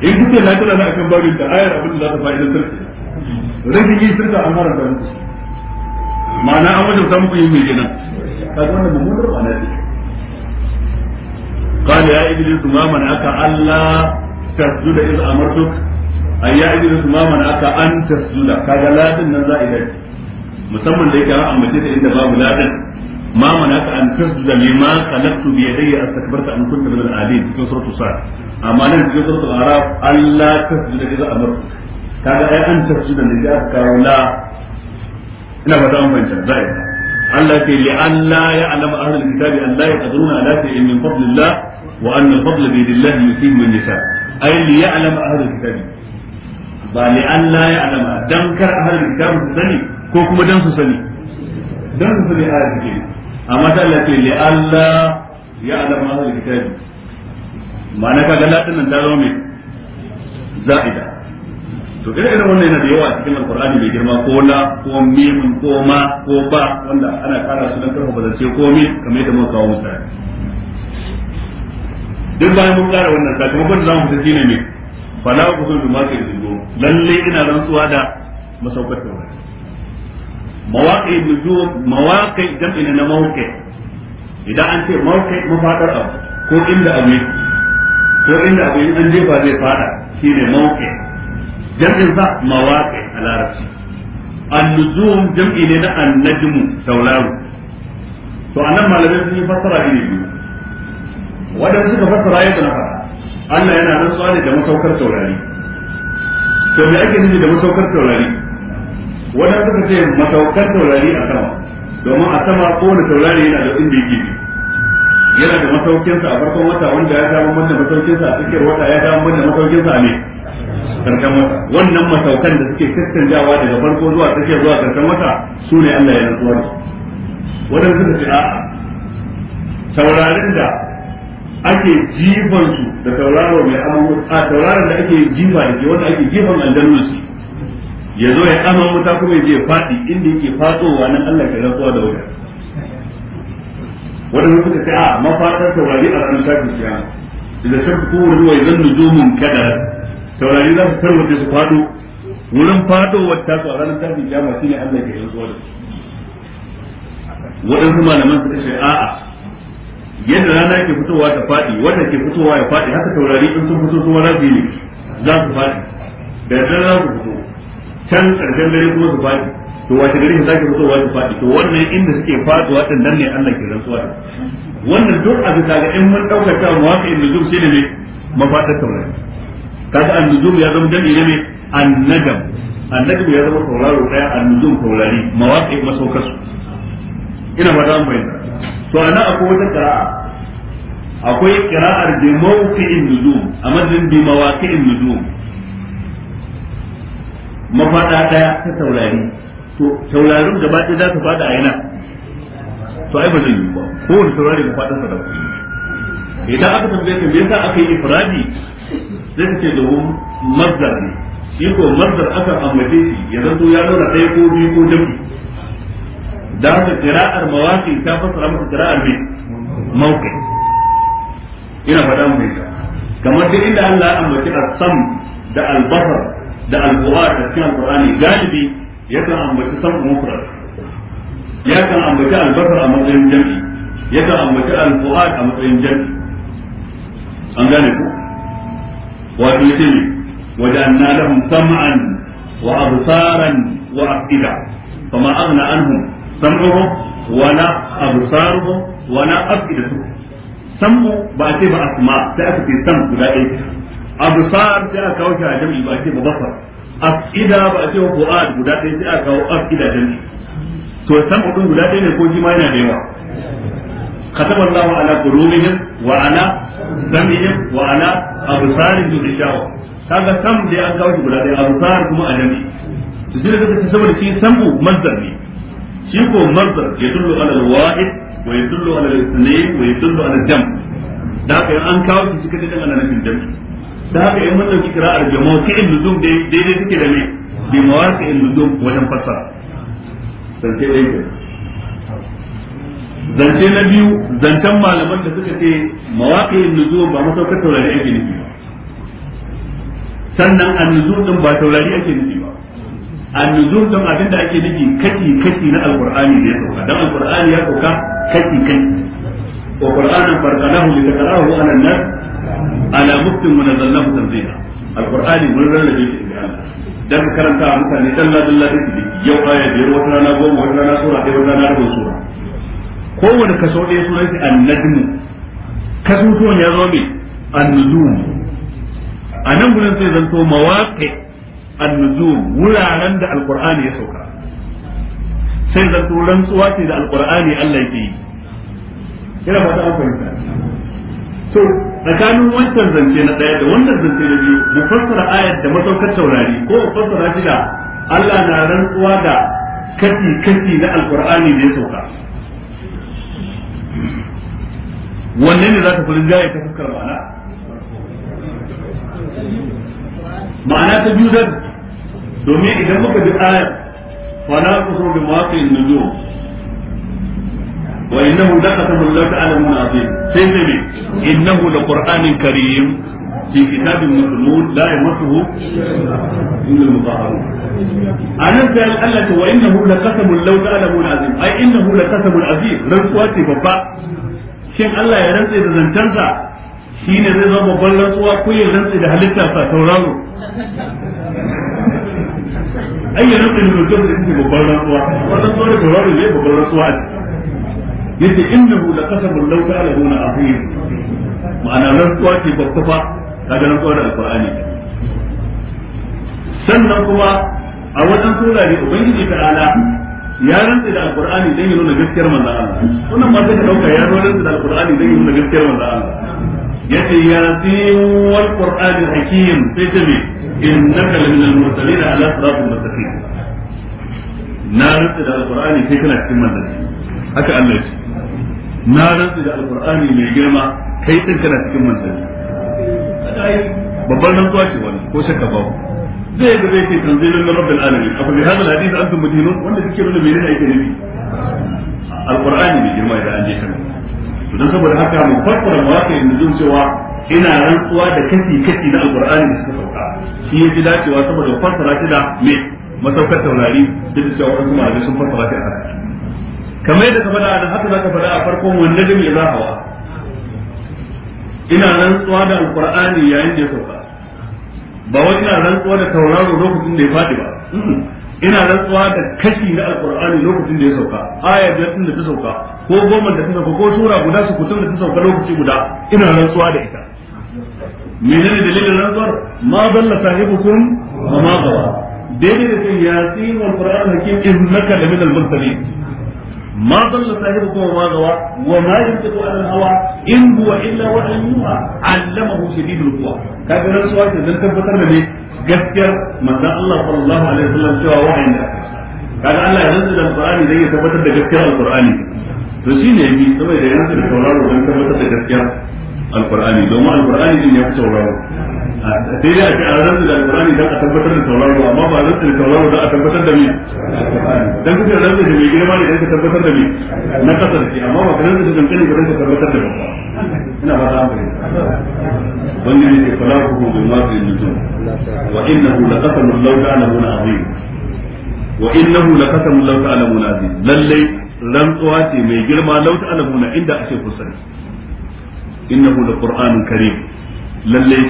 in kuke na tana na akan babin da ayar abin da za ta fa'ida sarki rage yi sirka an da muku ma'ana an wajen samu kuyi mai gina kenan kaga wannan mummunar ma'ana ce قال يا ابليس ما منعك الا تسجد اذ امرتك a ya idris ma mana aka an da kaga ladin nan za a yi musamman da yake an mace ta inda babu ladin ما منعك أن تسجد لما خلقت بيدي أستكبرت أن كنت من العالين في سورة سعد أما أنا في سورة الأعراف ألا تسجد إذا أمرت كذا أي أن تسجد لله كولا ina ba ta fahimta za a yi Allah ke li Allah ya alama ahlul kitabi Allah ya qadruna ala shay'in min fadlillah wa anna al-fadla bi yadillah yutihi man yasha ay li ya alama ahlul kitabi ba li Allah ya alama dan kar ahlul kitabi su sani ko kuma dan su sani dan su sani amma ta Allah li Allah ya alama ahlul kitabi ma'ana kaga latin nan ta zama mai za'ida to irin irin wannan yana da yawa cikin alqur'ani mai girma ko la ko mim ko ma ko ba wanda ana kara su dan karfafa zance ko mi kamar yadda muka kawo misali duk bayan mun kara wannan sakamakon da zamu fita shine ne fala ku zo da ma kai lalle ina rantsuwa da masaukar taurari mawaƙi nujum mawaƙi jam'i na mawqi idan an ce mawqi mafadar abu ko inda abu ko inda abu in an jefa zai fada shine mawqi jam'in sa mawaqi a larabci an-nujum jam'i ne na an-najmu sauraro to anan malamai sun yi fassara ne biyu wadanda suka fassara yadda na faɗa Allah yana nan ne da masaukar taurari to me ake nufi da masaukar taurari wanda suka ce masaukar taurari a sama domin a sama kowane taurari yana da inda yake bi yana da masaukinsa a farkon wata wanda ya samu wannan masaukinsa a cikin wata ya samu wannan masaukinsa a ne karshen wata wannan masaukan da suke kakkanjawa daga farko zuwa tsakiyar zuwa karshen wata su ne Allah ya rantsuwa da wadanda suka ce a'a taurarin da ake jifan su da tauraro mai amon a tauraron da ake jifa da ke wanda ake jifan aljannu su ya zo ya kama wuta kuma ya je faɗi inda yake fatowa nan Allah ke rantsuwa da wuta wadanda suka ce a mafaɗar taurari a ranar tashin kiyama da shakku ko ruwa idan nujumun kadar taurari za su tarwace su faɗo wurin faɗowar tasu a ranar tafi tashin masu ne Allah ke rantsuwa da waɗansu malaman suka ce a'a yadda rana ke fitowa ta faɗi wata ke fitowa ya faɗi haka taurari in sun fito su wani ne za su faɗi da yadda za su fito can karshen dare kuma su faɗi to wace gari ne zaki fitowa su faɗi to wannan inda suke faɗuwa din nan ne Allah ke rantsuwa wannan duk a bisa ga in mun dauka ta inda duk shine ne mafatar taurari kaga an nuzum ya zama dan ne an najam an ya zama tauraro ɗaya an nuzum taurari mawaƙi masaukar su ina ba an bayyana to ana akwai wata qira'a akwai qira'ar bi mawqi'in nuzum amma din bi mawaqi'in nuzum mafaɗa ɗaya ta taurari to taurarin gaba ɗaya za ta faɗa a yana to ai ba zai yi ba wani taurari ga faɗin sadaka idan aka tambaye ka me yasa aka yi ifradi sai ka ce domin mazdar ne shi ko mazdar aka ambace shi ya zanto ya nuna ɗaya ko biyu ko jami da haka kira'ar mawaki ta fassara masa kira'ar ne mawqi ina faɗa ka. kamar duk inda Allah ya a as-sam da albasar da alqur'ani da cikin alqur'ani galibi ya kan ambaci sabu Ya kan ambaci albasar a matsayin jami'i kan ambaci alqur'ani a matsayin jami'i an gane ku wato ce ne na lahun sam'an wa abusaran wa afida fama wa na sam'uhum wa na afida su. sanmu ba ce ba kuma sai aka ce sam guda ɗaya absar sai aka kawo shi a jami'i ba ce mubaffar as'ida ba a ce fu'ad guda ɗaya sai aka kawo as'ida jam'i to san hudun guda ɗaya ne ko shi ma yana da yawa كتب wa ala قلوبهم wa ala وعلى أبصارهم غشاوة kaga sam da an kawo shi guda ɗaya absar kuma ajami to da kaga saboda shi samu mazdar ne shi ko mazdar ya dullu ala al-wahid wa ya dullu ala alithnayn wa ya dullu ala jam da kai an kawo shi cikin dan na jam'i da haka in mun dauki kira'ar jama'ati luzum daidai take da me bi mawaqi luzum wajen fassara zance dai ke zance na biyu zancen malaman da suka ce mawaqi luzum ba masaukar taurari ake nufi ba sannan annuzur din ba taurari ake nufi ba ɗin din da ake nufi kashi kashi na alqur'ani ne sauka dan alqur'ani ya sauka kashi kashi wa qur'anan farqanahu li taqra'ahu 'ala an-nas ala muktin munazzalnahu tanzila alqur'ani mun rarrabe shi ga Allah dan karanta a mutane dalla dalla da shi yau aya biyar wata rana goma wata rana sura ɗaya wata rana rabin sura kowane kaso ɗaya sunan shi annajmu kasusuwan ya zo mai annujum a nan gudan sai zanto mawaƙi annujum wuraren da alqur'ani ya sauka sai zanto rantsuwa ce da alqur'ani Allah yake yi ina ba ta amfani to tsakanin wancan zance na ɗaya da wannan zance na biyu mu fassara ayat da masaukar taurari ko mu fassara shi da Allah na rantsuwa da kashi kashi na alkur'ani da ya sauka wanne ne za ka fi ta fuskar ma'ana ma'ana ta biyu da domin idan muka ji ayat fa na kusa bi mawaqi'in nujum wa innahu laqasamul law ta'lamuna azim sai sai me innahu laqur'anin karim في كتاب مكنون لا يمسه إلا المطهرون أنا سأل قال وإنه لقسم لو تعلمون عظيم أي إنه لقسم عظيم رنسواتي بابا شين الله يرنسي إذا زنتنسى شين إذا زنبا بلنسوا كل رنسي إذا هلتا فتورانو أي رنسي إذا زنتنسى بابا رنسوا بابا رنسوا ليه بابا رنسوا yace innahu laqasabun law ta'lamuna azim ma'ana rantsuwa ce babba fa kaga rantsuwa da alqur'ani sannan kuma a wajen sura ne ubangiji ala ya rantsa da alqur'ani dan ya nuna gaskiyar manzon Allah wannan ma sai ka dauka ya rantsa da alqur'ani dan ya nuna gaskiyar manzon Allah yace yasin wal qur'anil hakim sai ta me innaka laminal mursalin ala siratin mustaqim na rantsa da alqur'ani sai kana cikin manzon haka Allah ya ce na rantsu da alqur'ani mai girma kai din kana cikin manzanni babban rantsuwa ce wani ko shakka ba zai ga zai ce tanzilun na rabbil alamin abu bi hadal hadith antum mudhinun wanda kike nuna menene ake nufi alqur'ani mai girma da an je kan to dan saboda haka mu farfara mawaƙin da zuwa cewa ina rantsuwa da kashi kashi na alqur'ani da suka sauka shi ya ji dacewa saboda fassara shi da me masaukar taurari duk da cewa wasu malamai sun fassara shi a haka kamar yadda ka faɗa haka za ka faɗa a farkon wanda jami ya hawa ina rantsuwa da Alƙur'ani yayin da ya sauka ba wai ina rantsuwa da tauraro lokacin da ya faɗi ba ina rantsuwa da kashi na Alƙur'ani lokacin da ya sauka aya biyar din da ta sauka ko goma da ta sauka ko sura guda su kutum da ta sauka lokaci guda ina rantsuwa da ita menene dalilin rantsuwar ma zalla sahibukum wa ma dawa daidai da sai yasin wal qur'an hakim innaka lamin al mursalin ما ضل صاحبكم وما غوى وما ينطق عن الهوى ان هو الا وحي يوحى علمه شديد القوى كذا nan suwa ce zan tabbatar da ne gaskiyar manzon Allah sallallahu alaihi wasallam cewa wahayin da kaga Allah ya zanta da Qur'ani dan ya tabbatar da gaskiyar Al-Qur'ani to shine saboda yanzu da sauraro dan tabbatar da gaskiyar Al-Qur'ani domin Al-Qur'ani din ya fi sai dai a ce an rantsa da alqur'ani a tabbatar da tauraro amma ba a rantsa da tauraro a tabbatar da kuka rantsa da mai girma ne ka tabbatar da na kasar amma ba ka rantsa da dankali ba ka tabbatar da ina ba za mu yi ne ke fara ma su mutum wa wa rantsuwa ce mai girma law kana inda kusa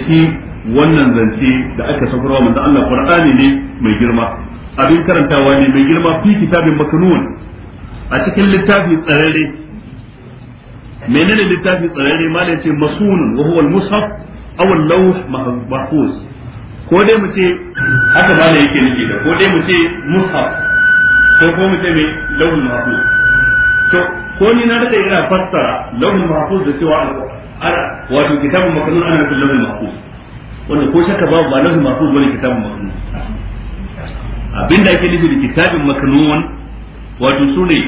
shi wannan zance da aka saukarwa manzo Allah Qur'ani ne mai girma abin karantawa ne mai girma fi kitabin maknun a cikin littafi tsararre menene littafi tsararre malai ce masunun wa huwa al-mushaf aw al-lawh mahfuz ko dai mu ce haka ba yake nufi da ko dai mu ce mushaf ko ko mu ce mai lawhul mahfuz to ko ni na da ina fassara lawhul mahfuz da cewa wato kitabun maknun ana nufin lawhul mahfuz wanda ko shakka babu ba lafi masu zuwa makanu abin da ake nufi da kitabin maknun wato su ne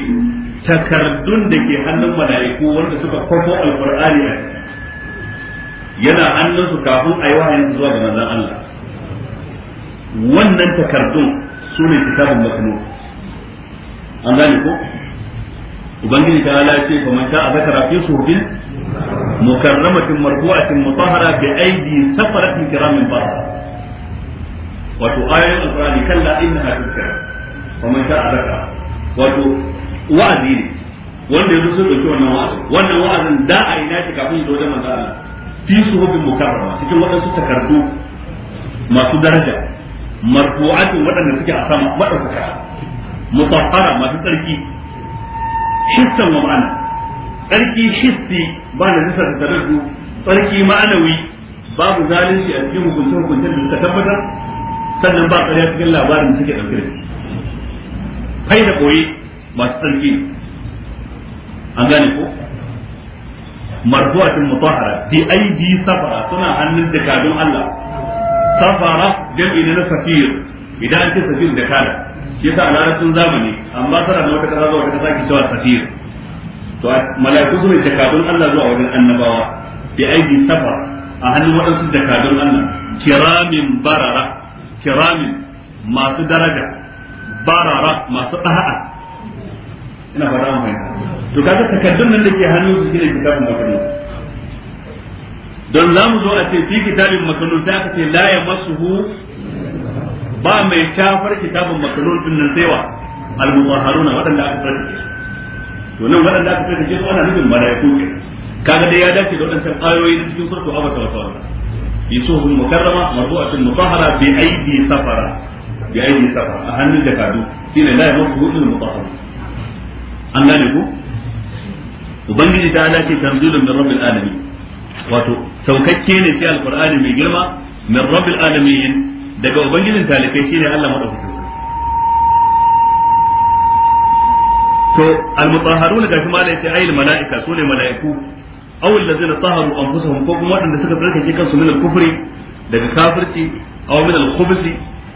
takardun da ke hannun mala'iku wanda suka kwafo alqur'ani a yana hannun su kafin a yi wahayin zuwa ga manzon Allah wannan takardun su ne kitabin makanu an gane ko ubangiji ta halaye ce fa ta a zakara fi suhufin mukarramatin marfu'atin mutahhara bi aidi safaratin kiramin barra wato ayoyin alqur'ani kalla innaha tuzkira fa man sha'a dhakara wato wa'azi ne wanda yanzu sun dauki wannan wa'azi wannan wa'azin da a ina shi kafin da manzo Allah fi suhubin mukarrama cikin wadansu takardu masu daraja marfu'atin wadanda suke a sama madaukaka mutahhara masu tsarki hissan wa tsarki shisti ba na nisa da taraddu tsarki ma'anawi babu zalunci a cikin hukuncin hukuncin da suka tabbatar sannan ba tsariya cikin labarin da suke ɗauke da kai da koyi masu tsarki an gane ko marzuwatin mutahara bi safara suna hannun da Allah safara jam'i na safir idan an ce safir da kada shi yasa a larabcin zamani amma tana da wata kasa zuwa wata kasa ke cewa safir to mala'iku sune jakadun Allah zuwa wajen annabawa bi aiki safa a hannun waɗansu jakadun Allah kiramin barara kiramin masu daraja barara masu ɗaha'a ina fara mu mai to kaga takaddun nan da ke hannu su ne kitabun makanun don za mu zo a ce fi kitabin makanun sai aka ce la masu hu ba mai shafar kitabun makanun din nan sai wa al-mutahharuna waɗanda aka tsarkake su to nan waɗanda aka tsarkake su ana nufin malaiku ke kaga dai ya dace da waɗancan ayoyi na cikin surtu abata wa tawalla yusufu mukarrama marbu'atun mutahhara bi aidi safara bi aidi safara a hannun jakadu shine la yamassuhu illa mutahhar an gane ku ubangiji ta ala ce tanzilun min rabbil alamin wato saukakke ne sai alqur'ani mai girma min rabbil alamin daga ubangijin talikai shine Allah madaukakin to al-mutahharuna gashi ma ne sai ayil malaika su ne malaiku aw allazina taharu anfusahum ko kuma wadanda suka tsarkake kansu min al-kufri daga kafirci aw min al-khubuthi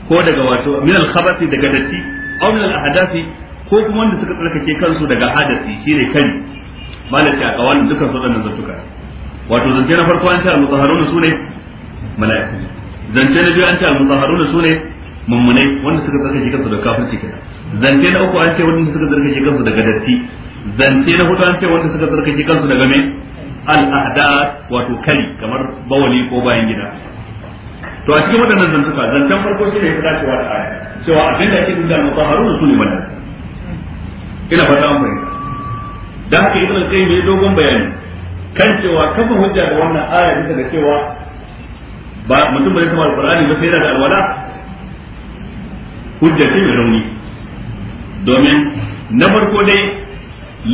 ko daga wato min al-khabathi daga datti aw min al-ahdathi ko kuma wanda suka tsarkake kansu daga hadasi shine kai malaka a kawalin dukkan su wadannan zantuka wato zance na farko an ce al-mutahharuna su ne malaiku zance na biyu an ce al-mutahharuna su ne mummunai wanda suka tsarkake kansu daga kafirci kenan zance na uku an ce wanda suka tsarkake kansu daga datti zance na hudu an ce wanda suka tsarkake kansu daga me al ahda wato Kali kamar bawali ko bayan gida to a cikin waɗannan zantuka zancen farko shi ne ya cewa da aya cewa abin da ake nuna al-mutahharun su ne wannan ina fata an fahimta dan haka ibn al-qayyim ya dogon bayani kan cewa kafa hujja da wannan aya bisa da cewa ba mutum bai san alqur'ani ba sai da alwala hujja ce mai rauni domin na farko dai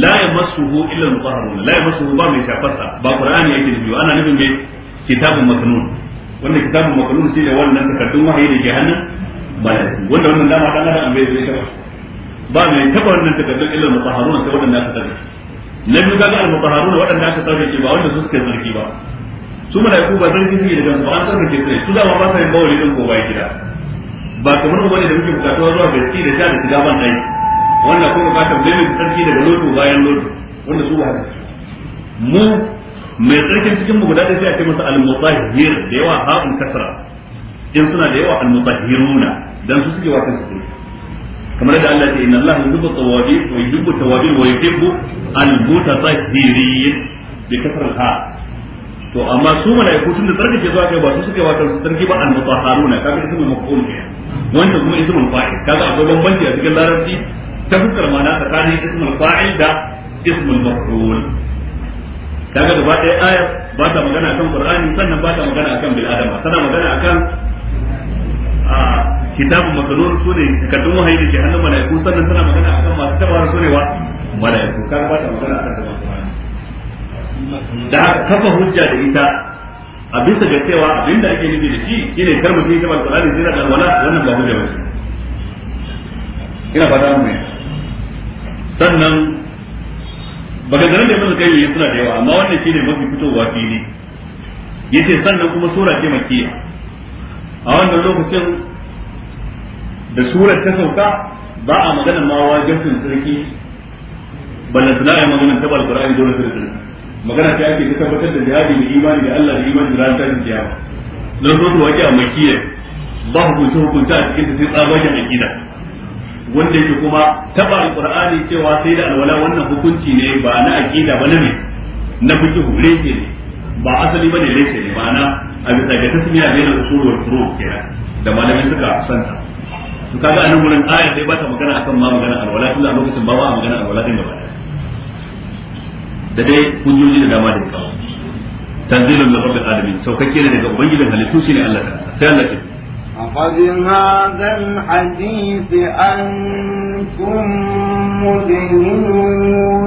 la ya yamassuhu illa al-mutahharun la ya yamassuhu ba mai shafarsa ba qur'ani yake nufi ana nufin me kitabun maknun wannan kitabun maknun shine wannan takardun wahayi da ke hannun malaiku wanda wannan dama dan adam bai zai shafa ba mai taba wannan takardun illa al-mutahharun sai wanda aka tsare na biyu kaga al-mutahharun wadanda aka tsare ba wanda su suka zargi ba su malaiku ba zargi suke da ba an tsarki ke su da ba sa yin bawali din ko bai gida ba kamar wani da muke bukatuwa zuwa gaske da sha da shiga ban dai wannan kuma ba ta mai tsarki daga lotu bayan lotu wanda su ba haka mu mai tsarkin cikin mu guda da sai a ce masa al-mutahhir da yawa ha'un kasra in suna da yawa al-mutahhiruna dan su suke wata su kamar da Allah ya ce inna Allah yuhibbu tawabin wa yuhibbu tawabin wa yuhibbu al-mutatahhirin bi kasral ha' to amma su malaiku tun da tsarkake zuwa kai ba su suke wata tsarki ba al-mutahharuna kaga ismul maf'ul wanda kuma ismul fa'il kaga akwai bambanci a cikin larabci ta fuskar mana tsakanin ismul fa'il da ismul maf'ul daga gaba ɗaya ayar ba ta magana akan qur'ani sannan ba ta magana akan bil adama tana magana akan a kitabun makanun su ne takardun wahayi da ke hannun mala'iku sannan tana magana akan masu tabarar su ne wa mala'iku kan ba ta magana akan da kafa hujja da ita a bisa ga cewa da ake nufi da shi shine kar mutum ya tabbata Qur'ani sai da wala, wannan ba hujja ba ina fata ne sannan bagadaran da muka kai suna da yawa amma wannan ne mafi fitowa fili ce sannan kuma sura ce makkiya a wannan lokacin da surar ta sauka ba a magana ma wajibin sarki ballan suna yi maganar ta alqur'ani dole sai sarki magana ta ake ta tabbatar da jihadi da imani da Allah da imani da ta tashin kiyama don zo waje a makkiya ba hukunta hukunta a cikin ta sai tsabagen aqida wanda yake kuma taba alqur'ani cewa sai da alwala wannan hukunci ne ba na aqida ba na ne na fiqh lake ne ba asali bane lake ne ba na a bisa ga tasmiya bayin al-usul wal furu' kenan da malamin suka santa to kaga anan gurin aya sai ba ta magana akan ma magana alwala tunda lokacin ba ba magana alwala din gaba da dai kunjoji da dama da kawo tanzilun min rabbil alamin saukakke ne daga ubangijin halittu shine Allah ta'ala sai Allah ya أفب هذا الحديث أنتم مدهنون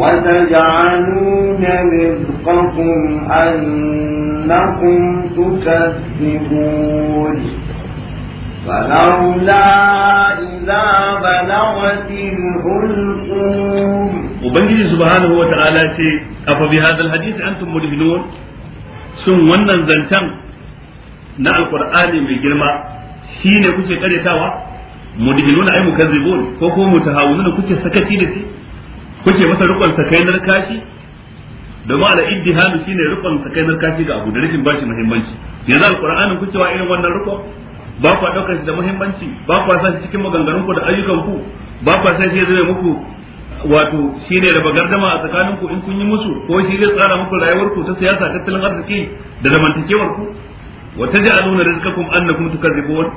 وتجعلون رزقكم أنكم تكذبون فلولا إذا بلغت الحلقوم وبنجي سبحانه وتعالى أفبهذا الحديث أنتم مدهنون سن ونن زنتم na alqur'ani mai girma shine kuke karyatawa mudhiluna ay mukazzibun ko ko mutahawununa kuke sakati da shi kuke masa rukun sakainar kashi domin ala iddihanu shine rukun sakainar kashi ga abu da rashin bashi muhimmanci yanzu alqur'anin kuke wa irin wannan rukun ba ku daukar shi da muhimmanci ba ku sa shi cikin maganganun ku da ayyukan ku ba ku sa shi zai muku wato shine da bagardama a tsakanin ku in kun yi musu ko shi zai tsara muku rayuwar ku ta siyasa tattalin arziki da zamantakewar ku wa taj'aluna kuma tukar ribuwar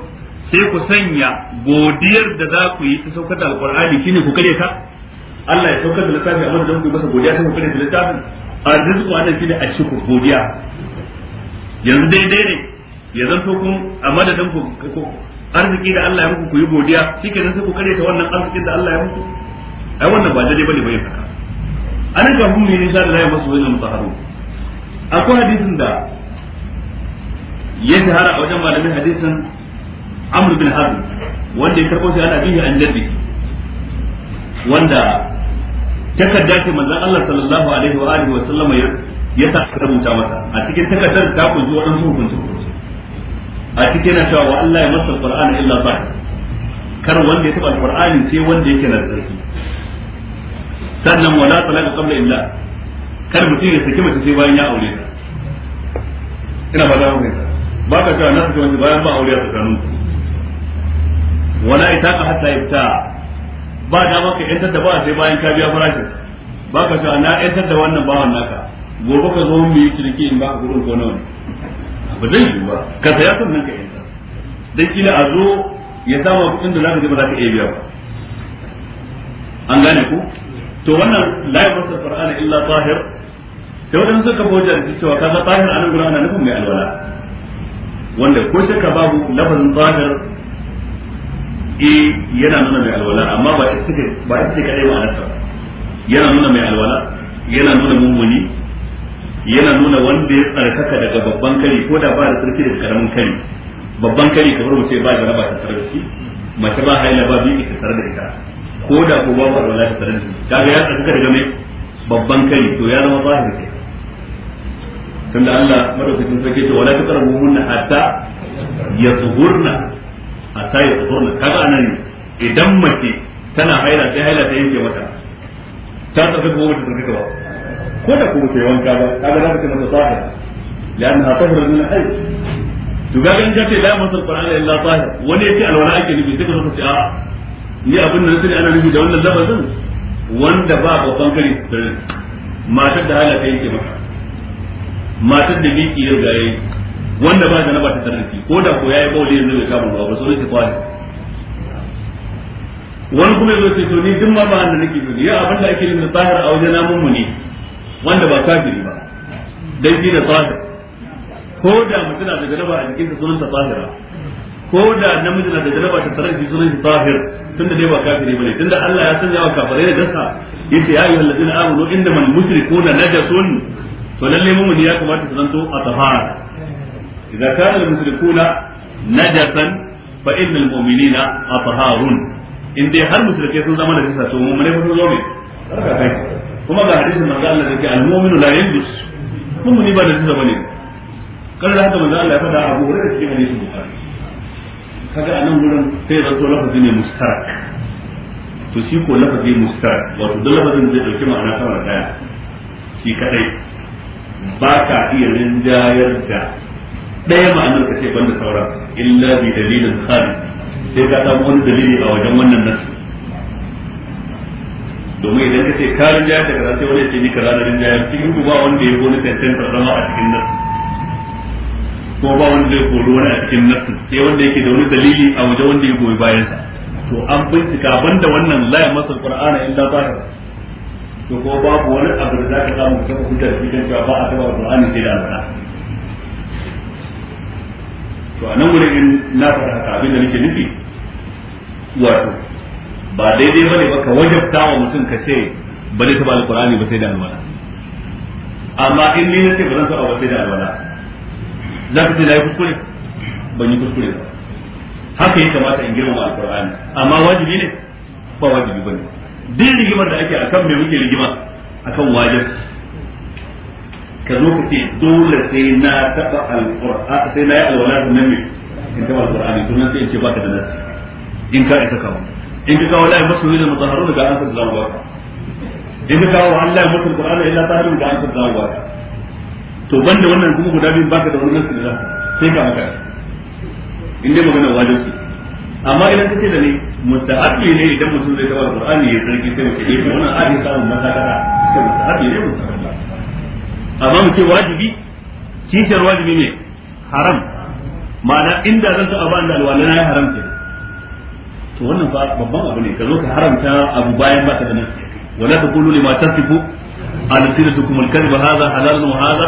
sai ku sanya godiyar da za ku yi ta saukar da shi ne ku kare ta Allah ya saukar da littafi amma da ku masa godiya ta ku kare da littafin arziku wannan ne a ku godiya yanzu daidai ne ya zanto kun a madadin ku arziki da Allah ya muku ku yi godiya shike nan sai ku kare ta wannan arzikin da Allah ya muku ai wannan ba daidai bane bayan haka anan kafin mu yi insha Allah ya masu wajen mutaharu akwai hadisin da ya shahara a wajen malamin hadisin amr bin harb wanda ya karbo shi ana bihi an jaddi wanda takarda ce manzon Allah sallallahu alaihi wa alihi wa sallama ya ta rubuta masa a cikin takardar ta kunji waɗansu hukunci hukunci a cikin na cewa wa Allah ya masa alqur'ana illa sahih kar wanda ya taba alqur'ani ce wanda yake na tsarki sannan wala talaka qabla illa kar mutum ya saki mace sai bayan ya aure ta ina ba za mu fahimta ba ka cewa na kuma bayan ba aure a tsakanin wala ita ka hatta ibta ba da maka yantar da ba sai bayan ka biya farashin ba ka cewa na yantar da wannan ba wannan ka gobe ka zo mu yi ciniki in ba ka gurin ko nawa ba zai yi ba ka saya nan ka yantar dan kila a zo ya samu kuɗin da zaka je ba za ka iya biya ba an gane ku to wannan la da Qur'ani illa tahir sai wadansu suka fahimta da cewa kaga tahir anan gurana nufin mai alwala wanda ko shakka babu lafazin zahir e eh, yana nuna mai alwala amma ba ita ba ita kadai ba ta yana nuna mai alwala yana nuna mummuni yana nuna wanda ya tsarkaka daga babban kari ko da ba da sarki da karamin kari babban kari kamar mu ce ba da raba ta tare da shi mace ba haila ba bi ita tare da ita ko da ko ba ba alwala ta tare da shi kaga ya tsarkaka daga mai babban kari to ya zama zahiri tunda Allah madaukakin sarki ta wala taqrabu hunna hatta yatsuhurna hatta yatsuhurna kaga anan idan mace tana haila sai haila ta yanke mata ta tafi ko ta tafi ba ko da kuma kai wanka ba kaga za ka ce tsaka sahih ha tahra min al to ga in kace la masal qur'ana illa tahir wani yake alwala ake nufi sai ka ce a ni abin da nake ana nufi da wannan lafazin wanda ba babban kare matar da haila ta yanke mata matar da miki ya gaye wanda ba da naba ta tarki ko da ko yayi bauli yanzu bai kama ruwa ba so yake kwali wani kuma yazo ce to ni duk ma ba da nake so ya abinda da ake yin da zahir a wajen namun ne wanda ba kafiri ba dan shi da zahir ko da mutum na da janaba a jikinsa sunan ta zahira ko da namiji na da janaba ta tarki sunan ta zahir tunda dai ba kafiri bane tunda Allah ya sanya wa kafirai da dasa yace ya ayyuhallazina amanu inda man mushrikuna najasun to lalle mumuni ya kamata su zanto a tafara idza kana al-mushrikuna najasan fa innal mu'minina atharun in dai har mushrike sun zama da kisa to mu'mine ba sun zo ne kuma ga hadisin manzo Allah da yake al-mu'minu la yanjus mu'mini ba da kisa bane kar da haka manzo Allah ya faɗa Abu Hurairah cikin hadisin Bukhari kaga anan gurin sai zanto lafazi ne mustarak to shi ko lafazi mustarak wato duk lafazin zai dauki ma'ana kamar daya shi kadai ba ka iya rinjayar da ɗaya ma'anar ka ce banda sauran illa bi dalilin kharij sai ka samu wani dalili a wajen wannan nasu domin idan ka ce ka rinjayar da kaza sai wani ce ni kaza na rinjayar cikin ku ba wanda ya gona tantanta zama a cikin nasu ko ba wanda zai koro wani a cikin nasu sai wanda yake da wani dalili a wajen wanda ya goyi bayansa to an bincika banda wannan la ya masa qur'ana illa zahira to ko babu wani abu da zaka samu ka huta da cikin cewa ba a taba Qur'ani sai da Allah to a nan wurin in na fara haka abin da nake nufi wato ba daidai bane ba ka wajabta wa mutum ka ce ba ta ba Qur'ani ba sai da Allah amma in ni na ce ba zan taba ba sai da Allah Zan ka ce na kuskure ban yi kuskure ba haka yake kamata in girma Qur'ani amma wajibi ne ba wajibi bane din rigimar da ake akan mai muke rigima akan wajib ka zo ka ce dole sai na taba alqur'ani sai na yi alwala da nan ne in taba alqur'ani to nan sai in ce baka da nasi in ka isa kawo in ka kawo la'ayi musu da mutaharu da an san zamu baka in ka kawo Allah ya masu alqur'ani illa taharu da an san zamu baka to banda wannan kuma guda biyu baka da wannan nasi da sai ka maka in dai magana wajibi amma idan kace da ni mustahabbi ne idan mutum zai tabar qur'ani ya sarki sai mutum yake wannan adi samun matakara sai mustahabbi ne mustahabbi amma mutum ce wajibi kishiyar wajibi ne haram ma'ana inda zan taɓa ba'an da alwala na ya haramta to wannan fa babban abu ne ka ka haramta abu bayan ba ta da nan wala taqulu lima tasifu al-sinatukum al-kadhiba hadha halalun wa hadha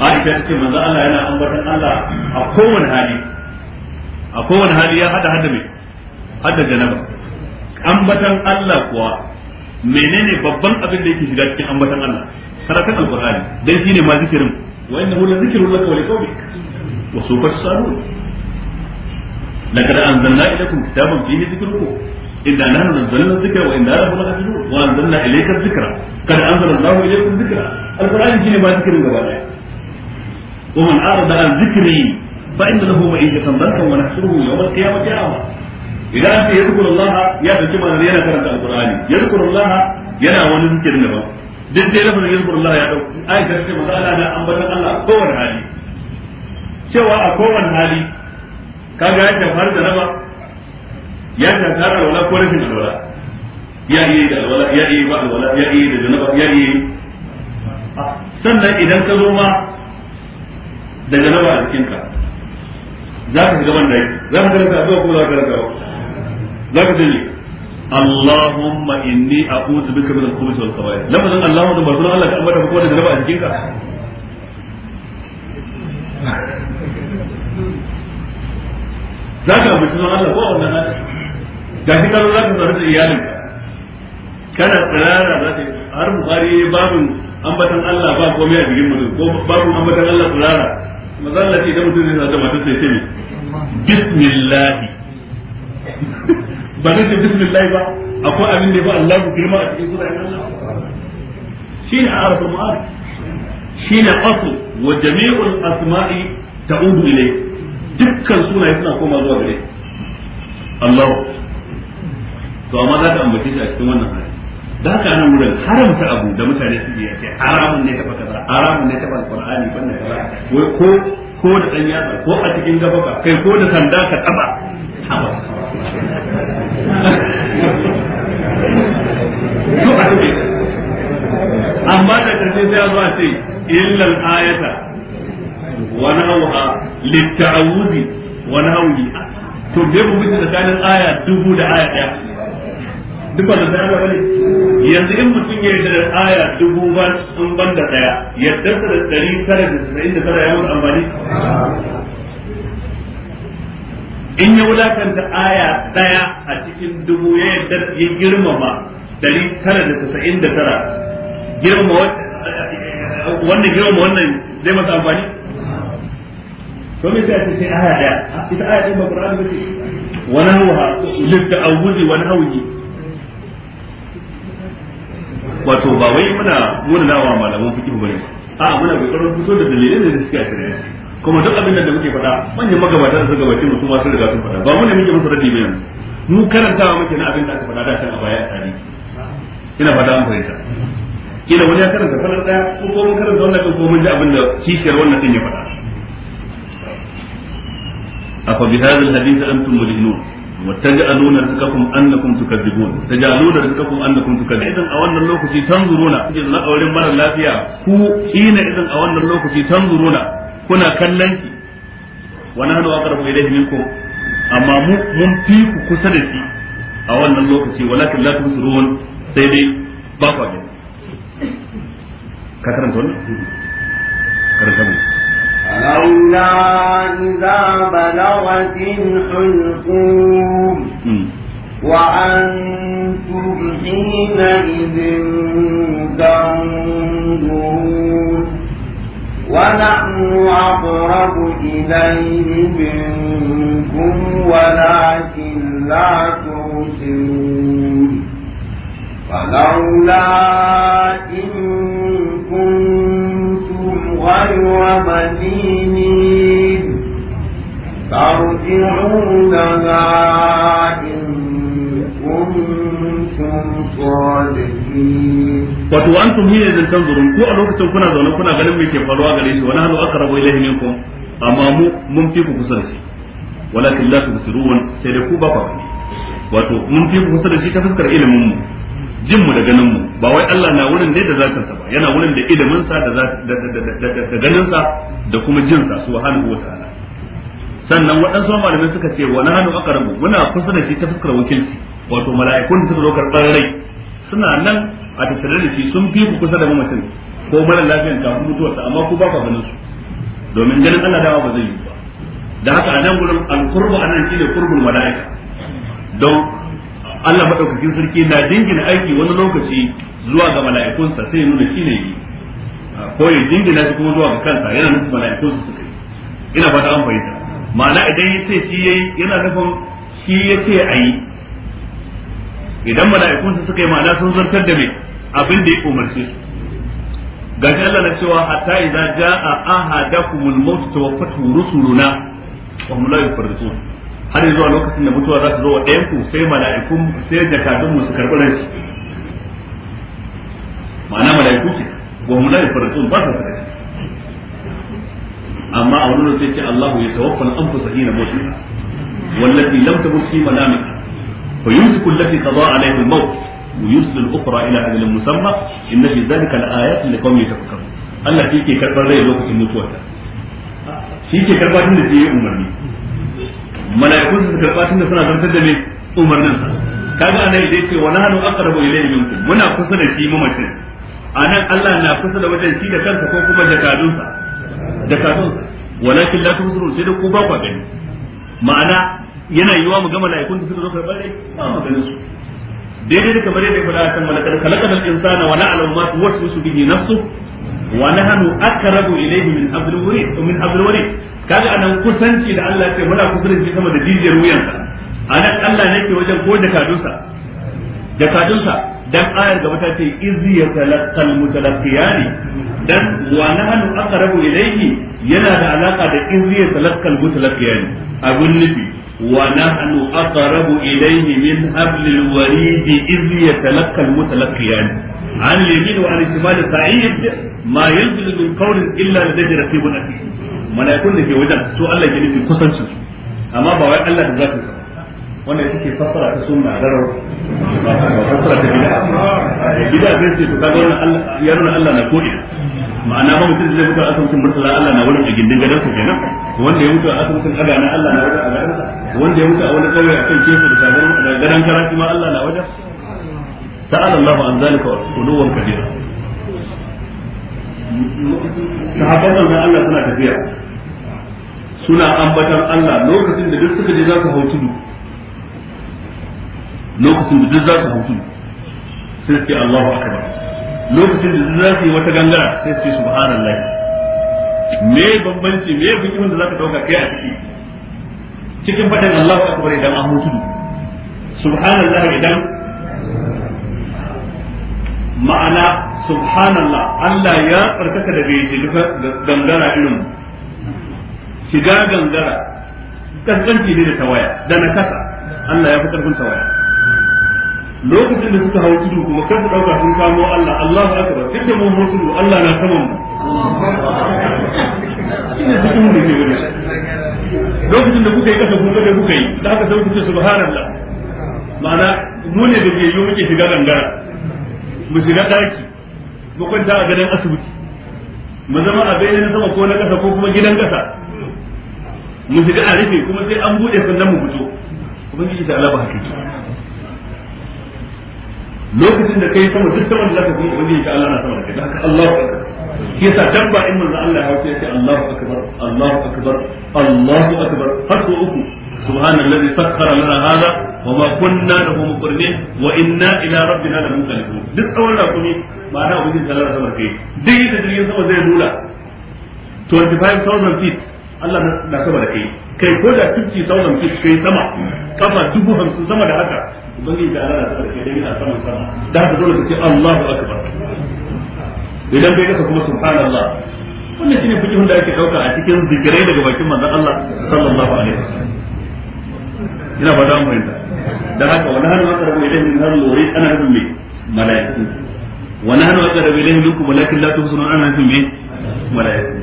Aisha ce manzo Allah yana ambaton Allah a kowane hali a kowane hali ya hada hada mai hada janaba ambaton Allah kuwa menene babban abin da yake shiga cikin ambaton Allah karatun alqur'ani dan shine ma zikirin wa innahu la zikrun laka wa liqawmi wa sawfa tasalun laqad anzalna ilaykum kitaban fihi dhikrukum إنا نحن wa الذكر وإنا له wa anzalna ilayka الذكر قد anzalallahu ilaykum إليكم alqur'ani shine ma zikirin gaba daya ومن أعرض عن ذكري فإن له معيشة ضنكا ونحشره يوم القيامة أعمى إذا أنت يذكر الله يا بجمع الذين كرمت القرآن يذكر الله ينا ونذكر نبا duk dai lafazin yadda Allah ya dauki ai da ce maza Allah na ambatan Allah a kowane hali cewa a kowane hali kaga ya shafar da raba ya shafar da wala ko ya yi da alwala ya yi ba alwala da sannan idan ka zo ma da janaba a cikin ka za ka shiga bandaki za ka karanta addu'a ko za ka karanta ba za ka tuni Allahumma inni a'udhu bika min al-khubuthi wal khaba'ith lafazin Allahumma da barzuna Allah ka ambata ko da janaba a cikin ka za ka ambaci sunan Allah ko wannan da shi karo za ka tsare da iyalin kana tsirara za ta har bukari babin ambatan Allah ba komai a jikin mutum ko babin ambatan Allah tsirara mazalla ce da mutum zai sa matar sai ce Bismillahi. ba zai ce bismillah ba akwai abin da ya ba Allah ku girma a cikin sura Allah shine arabul ma'arif shine asl wa jami'ul asma'i ta ta'udu ilayhi dukkan sunaye suna koma zuwa gare Allah to amma za ka ambace shi a cikin wannan hali da ka nan wurin haramta abu da mutane su yi yake haramun ne taba kaza haramun ne taba alqur'ani banda kaza wai ko ko da dan yatsa ko a cikin gaba kai ko da sanda ka taba <laughs> amma da karshe sai zuwa ce illa al-ayata wa nahwa lit-ta'awudi wa nahwi to bai mu bi tsakanin aya dubu da aya daya duk wanda zai ba ne yanzu in mutum ya yarda da aya dubu ba sun ban da daya yadda da ɗari tara da tasirin da tara ya mutu amfani in ya wulakanta aya daya a cikin dubu ya yadda ya girmama ɗari tara da tasa'in da tara girma wannan girma wannan zai masa amfani to me sai a ce aya ɗaya ita aya ɗin ba ƙur'ani ba ce wani hawa litta'awuzi wani hawa wato ba wai muna muna munanawa malaman ba bane a muna kokarin fito da dalilai da suke a tare kuma duk abin da muke faɗa manyan magabata da suka gabace mu kuma sun riga sun faɗa ba mu ne muke musu radi bayan mu karanta muke na abin da aka faɗa da kan a baya a tarihi ina faɗa an fahimta kila wani ya karanta farar daya ko ko mun karanta wannan ko mun ji abin da kishiyar wannan din ya faɗa afa bi hadha alhadith antum mujnun وتجعلون رزقكم انكم تكذبون تجعلون رزقكم انكم تكذبون idan a wannan lokaci tanzuruna kike na auren mara lafiya ku ina idan a wannan lokaci tanzuruna kuna kallon ki wa nahnu aqrabu amma mun fi kusa da shi a wannan lokaci sai dai ba ku ka karanta karanta mu لولا إذا بلغت الحلقوم وأنتم حينئذ تنظرون ونحن أقرب إليه منكم ولكن لا ترسلون فلولا إن كنتم غير مدينين ترجعونها إن كنتم صادقين wato an tun hiyar zan tanzurun ko a lokacin kuna zaune kuna ganin mai ke faruwa gare shi wani hannu aka rabu ilahi minkum amma mu mun fi ku kusa da shi walakin la tubsirun sai da ku ba ku wato mun fi ku kusa da shi ta fuskar ilimin mu jin mu da ganin mu ba wai Allah na wurin ne da zatin sa ba yana wurin da idamin sa da da ganin sa da kuma jin sa subhanahu wataala ta'ala sannan waɗansu malamai suka ce wa nahnu aqrabu muna kusa da shi ta fuskar wakilci wato mala'ikun da suka zo karɓar rai suna nan a tattare da shi sun fi ku kusa da mutum ko mara lafiyar kafin mutuwarsa amma ku ba ku ganin su domin ganin Allah dama ba zai yi ba da haka a nan gurin al-qurbu anan shine qurbul mala'ika don Allah madaukakin sarki na dingina aiki wani lokaci zuwa ga mala'ikunsa sai ya nuna shi ne ko ya dingina shi kuma zuwa ga kansa yana nufin mala'ikunsa su kai. ina fata an fahimta ma'ana idan ya ce shi yayi yana nufin shi ya ce a yi idan mala'ikunsa suka yi ma'ana sun zartar da mai abin da ya umarce su ga shi Allah na cewa hatta idza jaa ahadakumul maut tawaffatu rusuluna wa hum la har zuwa lokacin da mutuwa za ta zo wa ɗayan ku sai mala'iku sai jakadun mu su karɓi ranshi ma'ana mala'iku ce wa mu lai faratun ba sa amma a wani lokaci Allah ya tawaffa an fusa hina mutuwa wallati lam tabut fi manamika فيمسك التي قضى عليه الموت ويرسل الاخرى الى اجل مسمى ان في ذلك الايات لقوم يتفكرون الله في كي كربا زي لوكتين mutuwarta shi ke karba tun da je umarni malaikun su karɓa da suna zartar da me umarnin sa kaga anan dai ce wala hanu aqrabu ilayhi minkum muna kusa da shi mamacin anan Allah na kusa da wajen shi da kansa ko kuma da kadunsa da kadunsa walakin la tuzuru sai da ku ba ku gani ma'ana yana yiwa mu ga mala'ikun da suka zo karɓar rai ba mu ganin su daidai da kamar yadda ya faɗa kan malakar khalaqal insana wa na'lamu ma tuwaswisu bihi nafsu wa nahnu aqrabu ilayhi min abdul warid min abdul warid kaga anan kusanci da Allah ce muna kusanci sama da jijiyar wuyansa anan Allah ne ke wajen ko jakadunsa jakadunsa dan ayar gaba ta ce ya talakkal mutalaqqiyani dan wa nahnu aqrabu ilayhi yana da alaka da ya talakkal mutalaqqiyani abun nufi wa nahnu aqrabu ilayhi min hablil warid iz yatalaqqal mutalaqqiyani عن اليمين وعن الشمال سعيد ما ينزل من قول الا لديه رقيب عتيد mala'ikun da ke wajen to Allah ke nufi kusancin su amma ba wai Allah da zaka ba wannan yake fassara ta sunna garar ba fassara ta bid'a eh, bid'a zai ce to kaga wannan Allah ya nuna Allah na kodi ma'ana ba mutum zai mutu a asibitin murtala Allah na wurin a gindin gadon su kenan wanda ya mutu a asibitin aga na Allah na wurin a gadon wanda ya mutu a wani kawai a kan kesu da sagar gadon karatu ma Allah na wajen ta'ala Allah an zalika wa quluwan kabira sahabban Allah suna tafiya suna ambatar Allah lokacin da duk suka je za su hau tudu lokacin da duk za su hau tudu sai ce Allahu akbar lokacin da za su yi wata gangara sai su ce subhanallah me bambanci me bikin da zaka dauka kai a ciki cikin fatan Allahu akbar idan an hau tudu subhanallah idan ma'ana subhanallah Allah ya tsarkaka bai yake gangara irin shiga gangara kaskanci ne da tawaya da na kasa Allah ya fi karfin tawaya lokacin da suka hau tudu kuma kai su dauka sun kamo Allah Allahu akbar duk da mun mutu Allah na sama mu ina cikin mu ne gare lokacin da kuka yi kasa kuka da kuka yi da aka sauke ce subhanallah ma'ana mu ne da ke yi muke shiga gangara mu shiga daki mu kwanta a gidan asibiti mu zama a bayyana sama ko na kasa ko kuma gidan kasa mu shiga a rufe kuma sai an bude sannan mu fito ubangiji ta alaba hakiki. lokacin da kai sama duk saman da zaka kuma ubangiji ta Allah na sama da kai haka Allahu akbar ke sa dan ba in manzo Allah ya hauce sai Allahu akbar Allahu akbar Allahu akbar har so uku subhanallazi sakhkhara lana hada wa ma kunna lahu muqrinin wa inna ila rabbina lamunqalibun duk tsawon da kuma ma'ana ubangiji ta Allah na sama da kai duk da jirgin sama zai lula 25000 feet Allah na sama da kai kai ko da tuki saunan ki kai sama kafa dubu hamsin sama da haka ubangiji da Allah na sama da kai dai na sama sama da haka dole ka ce Allahu akbar idan kai kasa kuma subhanallah wannan shine fiki da ake dauka a cikin zikirai daga bakin manzon Allah sallallahu alaihi wasallam ina ba da mu inda dan haka wannan hannu aka rubuta idan min hannu wuri ana nufin mai mala'iku wannan hannu aka rubuta idan minkum walakin la tusunu ana nufin mai mala'iku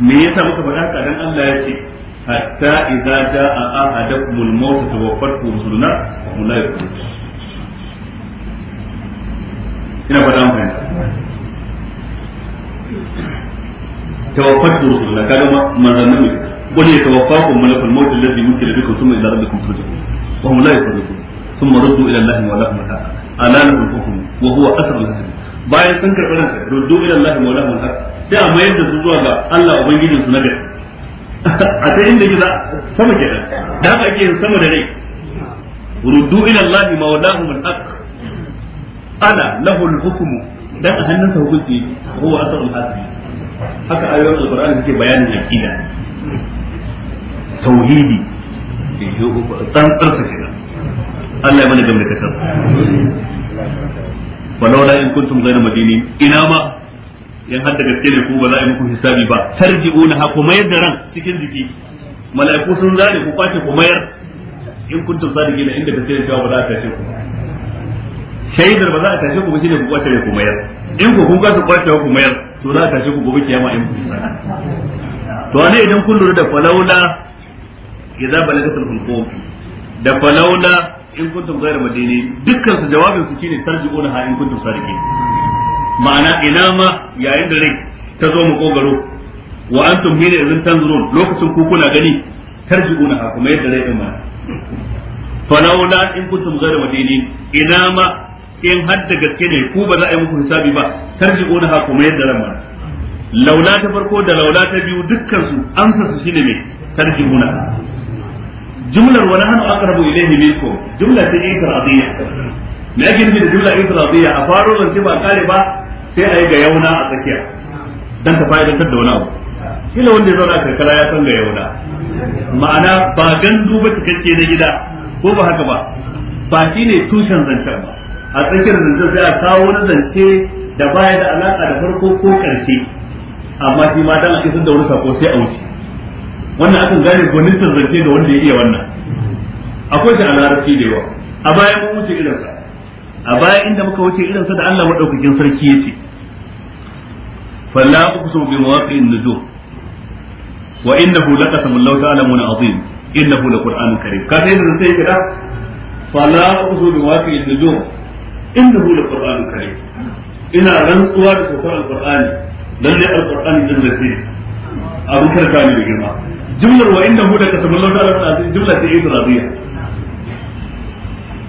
me yasa muka faɗa haka dan Allah ya hatta idza jaa ahadakumul maut tawaffatu rusuluna wa hum la yakun ina faɗa muku tawaffatu rusuluna kaga manzanni ne qul yatawaffakum malakul maut alladhi yukil bikum thumma ila rabbikum turja'un wa hum la yakun ثم ردوا الى الله مولاهم الحق الا له الحكم وهو اسر الحكم bayan sun karɓi ransa ruddu ila Allah mawlahum al-haq sai a mayar da su zuwa ga Allah ubangijin su na a ta inda gida sama kenan da haka ake sama da rai ruddu ila Allah mawlahum al-haq ana lahu al-hukm dan a hannunsa hukunci huwa asrul hasbi haka ayoyin alqur'ani suke bayanin aqida tauhidi tsantsar sa kenan Allah ya mana gamdakatar ولولا إن كنتم غير ina ma. in har da gaske ne ku ba za a yi muku hisabi ba tarji'una ha ku mayar da ran cikin jiki mala'iku sun zane ku kwace ku mayar in kuntum sadiqina inda gaske ne cewa ba za a tashe ku shaidar ba za a tashe ku ba shine ku kwace ne ku mayar in ku kun kwace kwace ku mayar to za a tashe ku gobe kiyama in ku to ne idan kun lura da falaula idza balagatul hulqum da falaula in kuntum ghayra madini dukkan su jawabin su shine tarji'una ha in kuntum sadiqin ma'ana ina ma yayin da rai ta zo makogaro wa antum hina idzin tanzurun lokacin ku kuna gani tarjiuna ha kuma yadda rai din ma falaula in kuntum ghayra madinin ina ma in hadda gaske ne ku ba za a yi muku hisabi ba tarjiuna ha kuma yadda rai ma laula ta farko da laula ta biyu dukkan su amsa su shine me tarjiuna jumlar wa nahnu aqrabu ilayhi minkum jumla ta ikradiyya me ake nufi da jumla ikradiyya a faro zance ba kare ba sai a yi ga yauna a tsakiya don ta fa'idantar da wani abu kila wanda ya zauna a karkara ya san ga yauna ma'ana ba gandu ba cikakke na gida ko ba haka ba ba ne tushen zancen ba a tsakiyar zancen sai a kawo na zance da baya da alaka da farko ko karshe amma shi ma dan a isar da wani sako sai a wuce wannan akan gane gwanistar zance da wanda ya iya wannan akwai shi a larabci da yawa a bayan mun wuce irinsa a bayan inda muka wuce irinsa da Allah maɗaukakin sarki ya ce. falla uqsimu bi mawaqi'in nujum wa innahu laqasamun law ta'lamuna azim innahu laqur'anun karim ka sai da sai kada falla uqsimu bi mawaqi'in nujum innahu laqur'anun karim ina rantsuwa da sokar alqur'ani lalle alqur'ani din da sai abun karka ne da girma jumlar wa innahu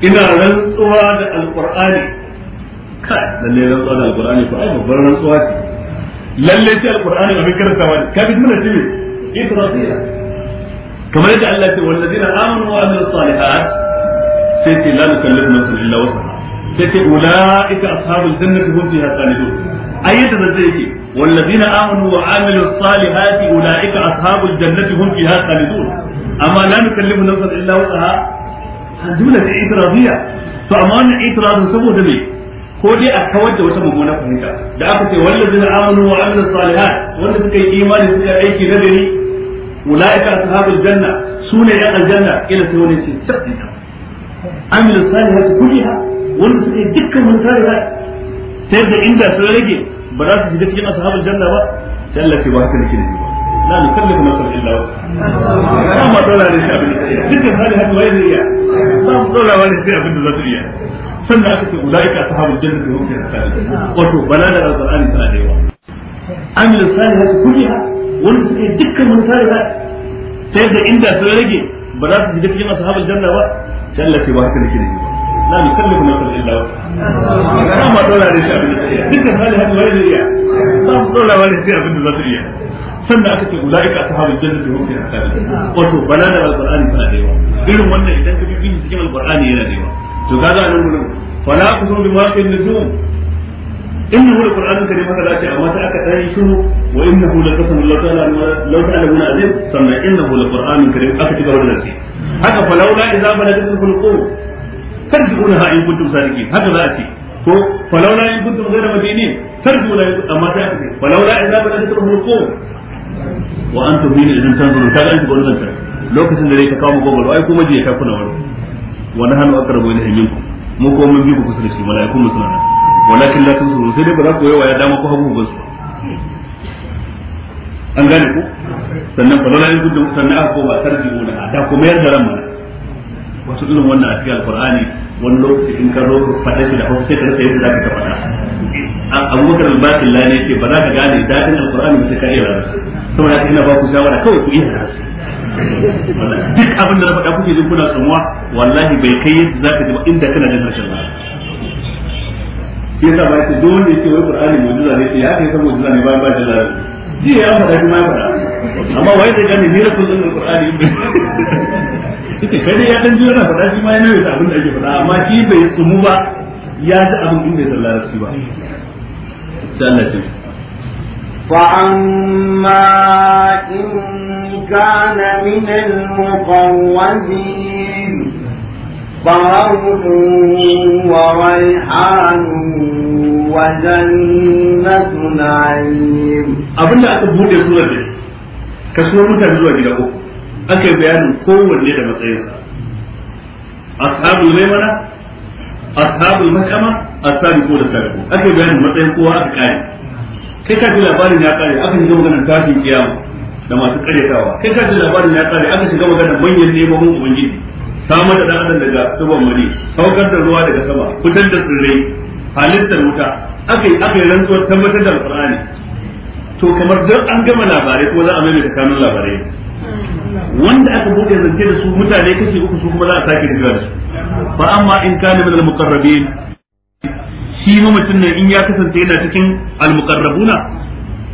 ina rantsuwa da alqur'ani kai lalle rantsuwa da alqur'ani ko ai babbar rantsuwa ce lalle sai alqur'ani abin karantawa ne ka bi mana ce idrasiya kamar yadda Allah ce wallazina amanu wa amilus salihat sai ce la nukallifu nafsan illa wusaha sai ce ulaika ashabul jannati hum fiha khalidun ayyata da zai ce والذين آمنوا وعملوا الصالحات أولئك أصحاب الجنة هم فيها خالدون أما لا نكلم نفسا إلا وسعها جملة اعتراضية فأمان اعتراض سبوه دمي ko dai a kawar da wata mummuna fahimta da aka ce wallazi na amanu wa amilus salihat wanda suka yi imani suka aiki na gari ulaika ashabul janna sune yan aljanna ila sai wani ce tabbata amilus salihat kulliha wanda suka yi dukkan wani salihat sai da inda sun rage ba za su shiga cikin ashabul janna ba sai ba haka nake nufi ba la nukallifu nafsan illa wus'aha amma dole ne shi abin da ya dukkan salihat wai ne ya ba mu dole wani sai abin da za su iya sannan aka ce ulaika ashabul jannati hum fiha khalidun wato da alqur'ani tana da yawa amil salihati kulliha wanda suke dukkan mun salihat ta yadda inda sun rage ba za su shiga cikin ashabul janna ba sai Allah ke ba haka nake da ba la nukallifu nafsan illa wusa ba ma dora ne shi abin da iya dukkan salihat wani da iya ba mu dora wani sai abin da za su iya sannan aka ce ulaika ashabul jannati hum fiha khalidun wato da alqur'ani tana da yawa irin wannan idan ka bi bin cikin alqur'ani yana da yawa to kaga gurin fala ku zo bi maqin nujum innahu alquran karim amma aka wa innahu Allah ta'ala law azim sanna innahu alquran karim aka ci gaba da haka idza in kuntum sadiqin haka za a ce ko in kuntum ghayra amma aka ce idza wa antum min lokacin da rai ka kawo magogoro kuma je ka kuna wani wani hannu wa nahnu aqrabu hanyar ku mu ko mun bi ku kusa da shi malaikun mu suna nan walakin la tusirun sai dai ba za ku yawa ya dama ku hagu ba su an gane ku sannan fa lalai gudun sannan aka koma tarji mu da ta kuma yar da ran mana wasu irin wannan a cikin alqur'ani wani lokaci in ka zo faɗa shi da hausa sai ka rasa yadda za ka faɗa abubakar al-bakir la ne ce ba za ka gane dadin alqur'ani sai ka iya sama saboda ina ba ku shawara kawai ku iya rasa duk abin da na faɗa kuke jin kuna tsamuwa wallahi bai kai yadda ka ji ba inda kana jin harshen ba yasa ba ce dole ne ce wai Qur'ani mu'jiza ne ce ya kai san mu'jiza ne bayan ba shi ji ya faɗa shi ma ya faɗa amma wai da gani ne rasul din Qur'ani <laughs> yake kai ya dan jira faɗa shi ma ya nayi abin da ake faɗa amma shi bai tsumu ba ya ji abin din bai sallara shi ba فأما إن كان من المقربين فروح وريحان وجنة نعيم أبن لا يا سورة لك كسور متى بزوى جدا أكي بيان قوة لدى مطيرة أصحاب الميمنة أصحاب المشأمة أصحاب الكولة السابقة أكي بيان مطير قوة أكي kai ka ji labarin ya kare aka shiga maganar tashin kiyama da masu karyatawa kai ka ji labarin ya kare aka shiga maganar manyan nemomin ubangiji samar da dan adam daga tuban mani saukar da ruwa daga sama fitar da tsirrai halittar wuta aka yi aka yi rantsuwar tabbatar da alqur'ani to kamar duk an gama labarai ko za a maimaita kanun labarai wanda aka bude zance da su mutane kashi uku su kuma za a sake tafiya da su fa amma in kana min al-muqarrabin shi mamacin nan in ya kasance yana cikin almuqarrabuna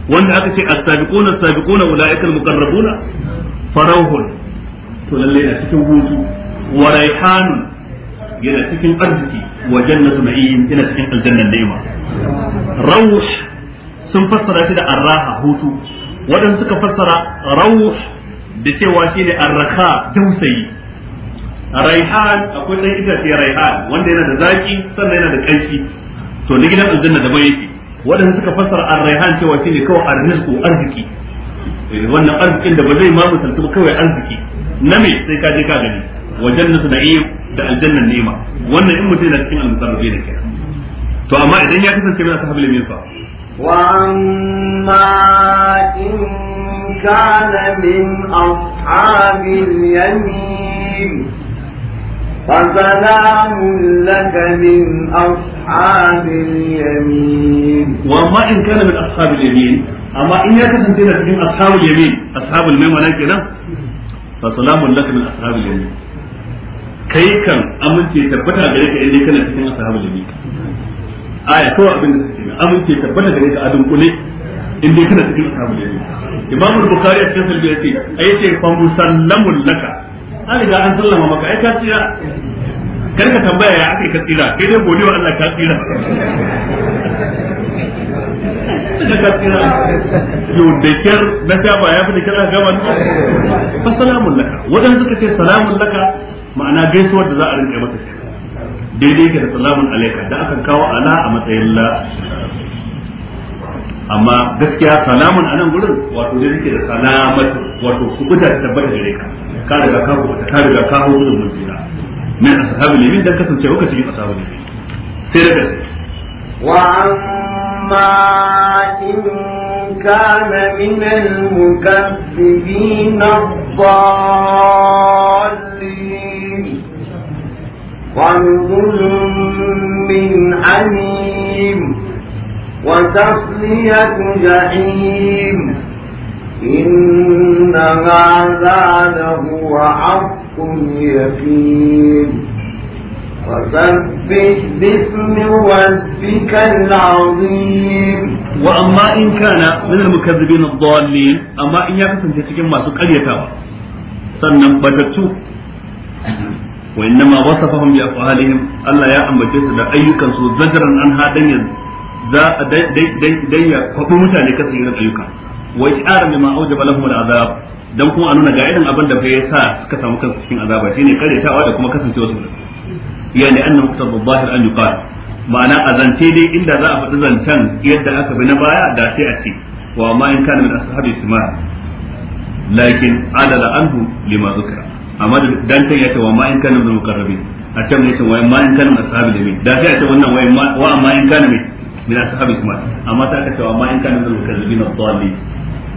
wanda aka ce as-sabiquna as-sabiquna ulaika almuqarrabuna farahun to lalle yana cikin hutu wa raihanun yana cikin arziki wa jannatu na'im yana cikin aljannan ni'ima rawsh sun fassara shi da arraha hutu wadanda suka fassara rawsh da cewa shi ne arraha dausayi raihan akwai dan itace raihan wanda yana da zaki sannan yana da kanshi to na gidan aljanna da bai yake waɗanda suka fassara ar-rayhan cewa shine kawai ar-rizqu arziki eh, wannan arzikin da ba zai ma musaltu ba kawai arziki na me sai ka je ka gani wa jannatu na'im da aljanna ni'ima wannan in mutum yana cikin al-musarrafi da kenan to amma idan ya kasance mai ashabul min fa wa amma in kana min ashabil yamin فسلام لك من أصحاب اليمين وما إن كان من أصحاب اليمين أما إن يكن من أصحاب اليمين أصحاب الميمنة كده فسلام لك من أصحاب اليمين kai kan amince tabbata gare ka indai kana cikin ashabul yamin aya to abin amince tabbata gare ka adun kule indai kana cikin ashabul yamin imamu bukhari a cikin sahihi yace ai ce fa musallamun laka an riga an sallama maka ai ka tsira kar ka tambaya ya ake ka tsira kai dai godiya Allah ka tsira da ka tsira yau da kyar na sha ba ya fi da kyar ga gama fa salamun laka wadanda suka ce salamun laka ma'ana gaisuwar da za a rinka maka daidai ke da salamun alaika da akan kawo ala a matsayin la amma gaskiya salamun a nan gurin wato da yake da salamat wato kubuta da tabbata gare ka ka daga ka kubuta ka daga ka hudu da mutira min ne yamin dan kasance ka cikin ashabul ne sai daga wa amma in kana min al من المكذبين wa ونزل min anim وتصلية جحيم إن هذا لهو حق اليقين فسبح باسم ربك العظيم وأما إن كان من المكذبين الضالين أما إن يكن تشكين ما سكريتا سنن بتتو وإنما وصفهم بأفعالهم ألا يا أم بجسد أيكم زجرا عن هذا za a dai ya kwaɓi mutane kasan irin ayyuka wa ishara mimma aujaba da azab. Don kuma a nuna ga irin abin da ya sa suka samu kansu cikin azaba shine karetawa da kuma kasance wasu kasancewa su yani annahu kutaba zahir an yuqal ma'ana a azante dai inda za a faɗi zancen yadda aka bi na baya da sai a ce wa ma in kana min ashabi simar lakin adala anhu lima zukira amma dantan can yace wa ma in kana min muqarrabin a can ne yace wa ma in kana min ashabi limin da sai a ce wannan wa ma in kana min min ashabil iman amma ta aka cewa ma in kana min al-mukazzibin ad-dhalli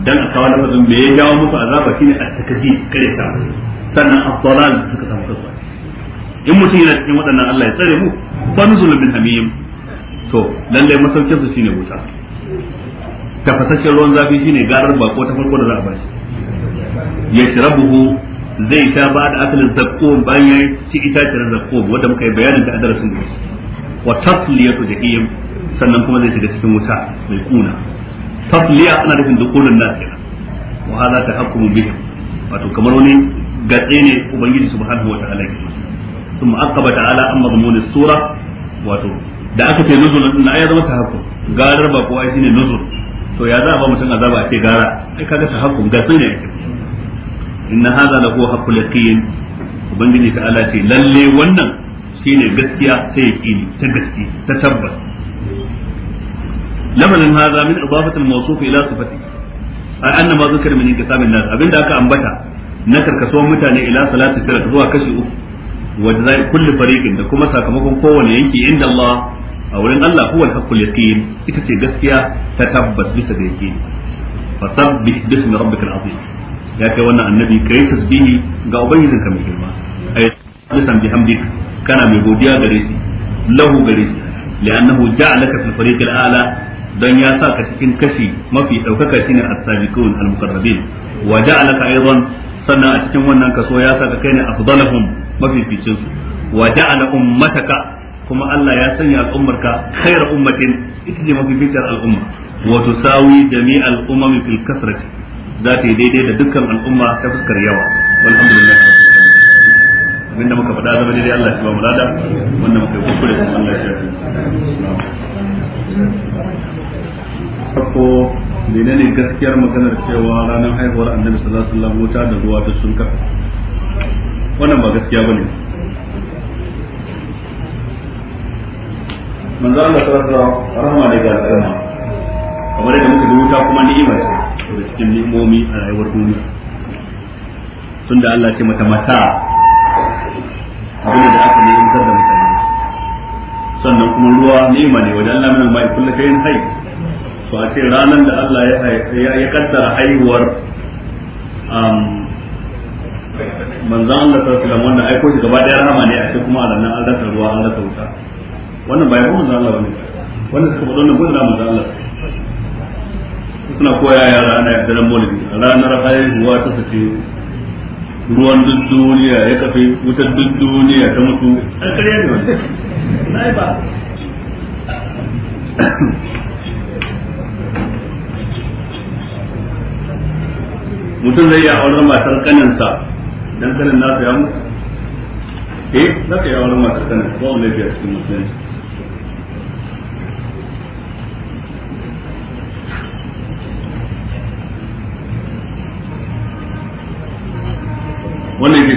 dan a kawo lafazin me ya jawo musu azaba shine a takzib kare ta sannan ad-dhalal suka samu kansu in mutum yana cikin waɗannan Allah ya tsare mu fa nuzulun min hamim to lalle masaukin su shine wuta tafasasshen ruwan zafi shine garar bako ta farko da za a bashi ya shirabuhu zai ta ba da asalin zakkum bayan ya ci itacen zakkum wanda muka yi bayanin da adarasin da wa tasliyatu jahim sannan kuma zai shiga cikin wuta mai kuna tasliya ana nufin dukulun nas kenan wa hada tahakkumu bihi wato kamar wani gatse ne ubangiji subhanahu wa ta'ala ke sun ma'akaba ta'ala an mazmunin sura wato da aka ce nuzul na ya zama tahakkum garar ba kowa shine nuzul to ya za a ba mutum azaba a ce gara ai kaga tahakkum gatse ne ake inna hadha lahu haqqul yaqin ubangiji ta'ala ce lalle wannan shine gaskiya sai yaqini ta gaskiya ta tabbas Lamanin hadha min idafati al-mawsuf ila sifati ai anna ma zikr min inqisamin nas abinda aka ambata na karkasuwan mutane ila salati sirr zuwa kashi uku wa jazai kulli fariqin da kuma sakamakon kowane yanki inda Allah a wurin Allah huwa al-haqqul ita ce gaskiya ta tabbas bisa da yake fasabbih bismi rabbikal azim ya kai wannan annabi kai tasbihi ga ubangijin ka mai girma ai lisan bihamdik kana mai godiya gare shi lahu gare shi li'annahu ja'alaka fil fariqil a'la don ya sa ka cikin kashi mafi ɗaukaka shine as-sabiqun al-muqarrabin wa ka aidan sannan a cikin wannan kaso ya sa ka kai ne afdalahum mafi ficin su wa ja'ala ummataka kuma Allah ya sanya al'ummarka khair ummatin ita ce mafi fitar al'umma wa tusawi jami'al umam fil kasrati za ta yi daidai da dukkan al'umma ta fuskar yawa walhamdulillah abinda muka faɗa zama daidai Allah shi ba mu lada muka yi kuskure Allah ya shafi farko ne gaskiyar maganar cewa ranar haihuwar annabi sallallahu alaihi wasallam wuta da ruwa ta sunka wannan ba gaskiya bane manzo Allah sallallahu alaihi wasallam rahama da gaskiya kamar da muka wuta kuma ni'ima ce da cikin ni'imomi a rayuwar duniya tunda Allah ce mata mata abin da aka ni'imtar da mutane sannan kuma ruwa nema ne wajen Allah min mai kullu kayin hai to a ce ranar da Allah ya ya kaddara haihuwar um manzon Allah sallallahu alaihi wasallam wanda aiko shi gaba daya rama ne a ce kuma a ranar an rasa ruwa an rasa wuta wannan bai kuma manzon Allah bane wannan suka da wannan gudana manzan Allah suna koya yara ana yadda nan maulidi ranar haihuwa ta sace ruwan duk duniya ya kafe wutar duk duniya ta mutu an karya ne wani ba mutum zai iya auren matar kaninsa dan kanin nasa ya mutu eh za yi aure auren matar kanin ba wani lafiya cikin musulunci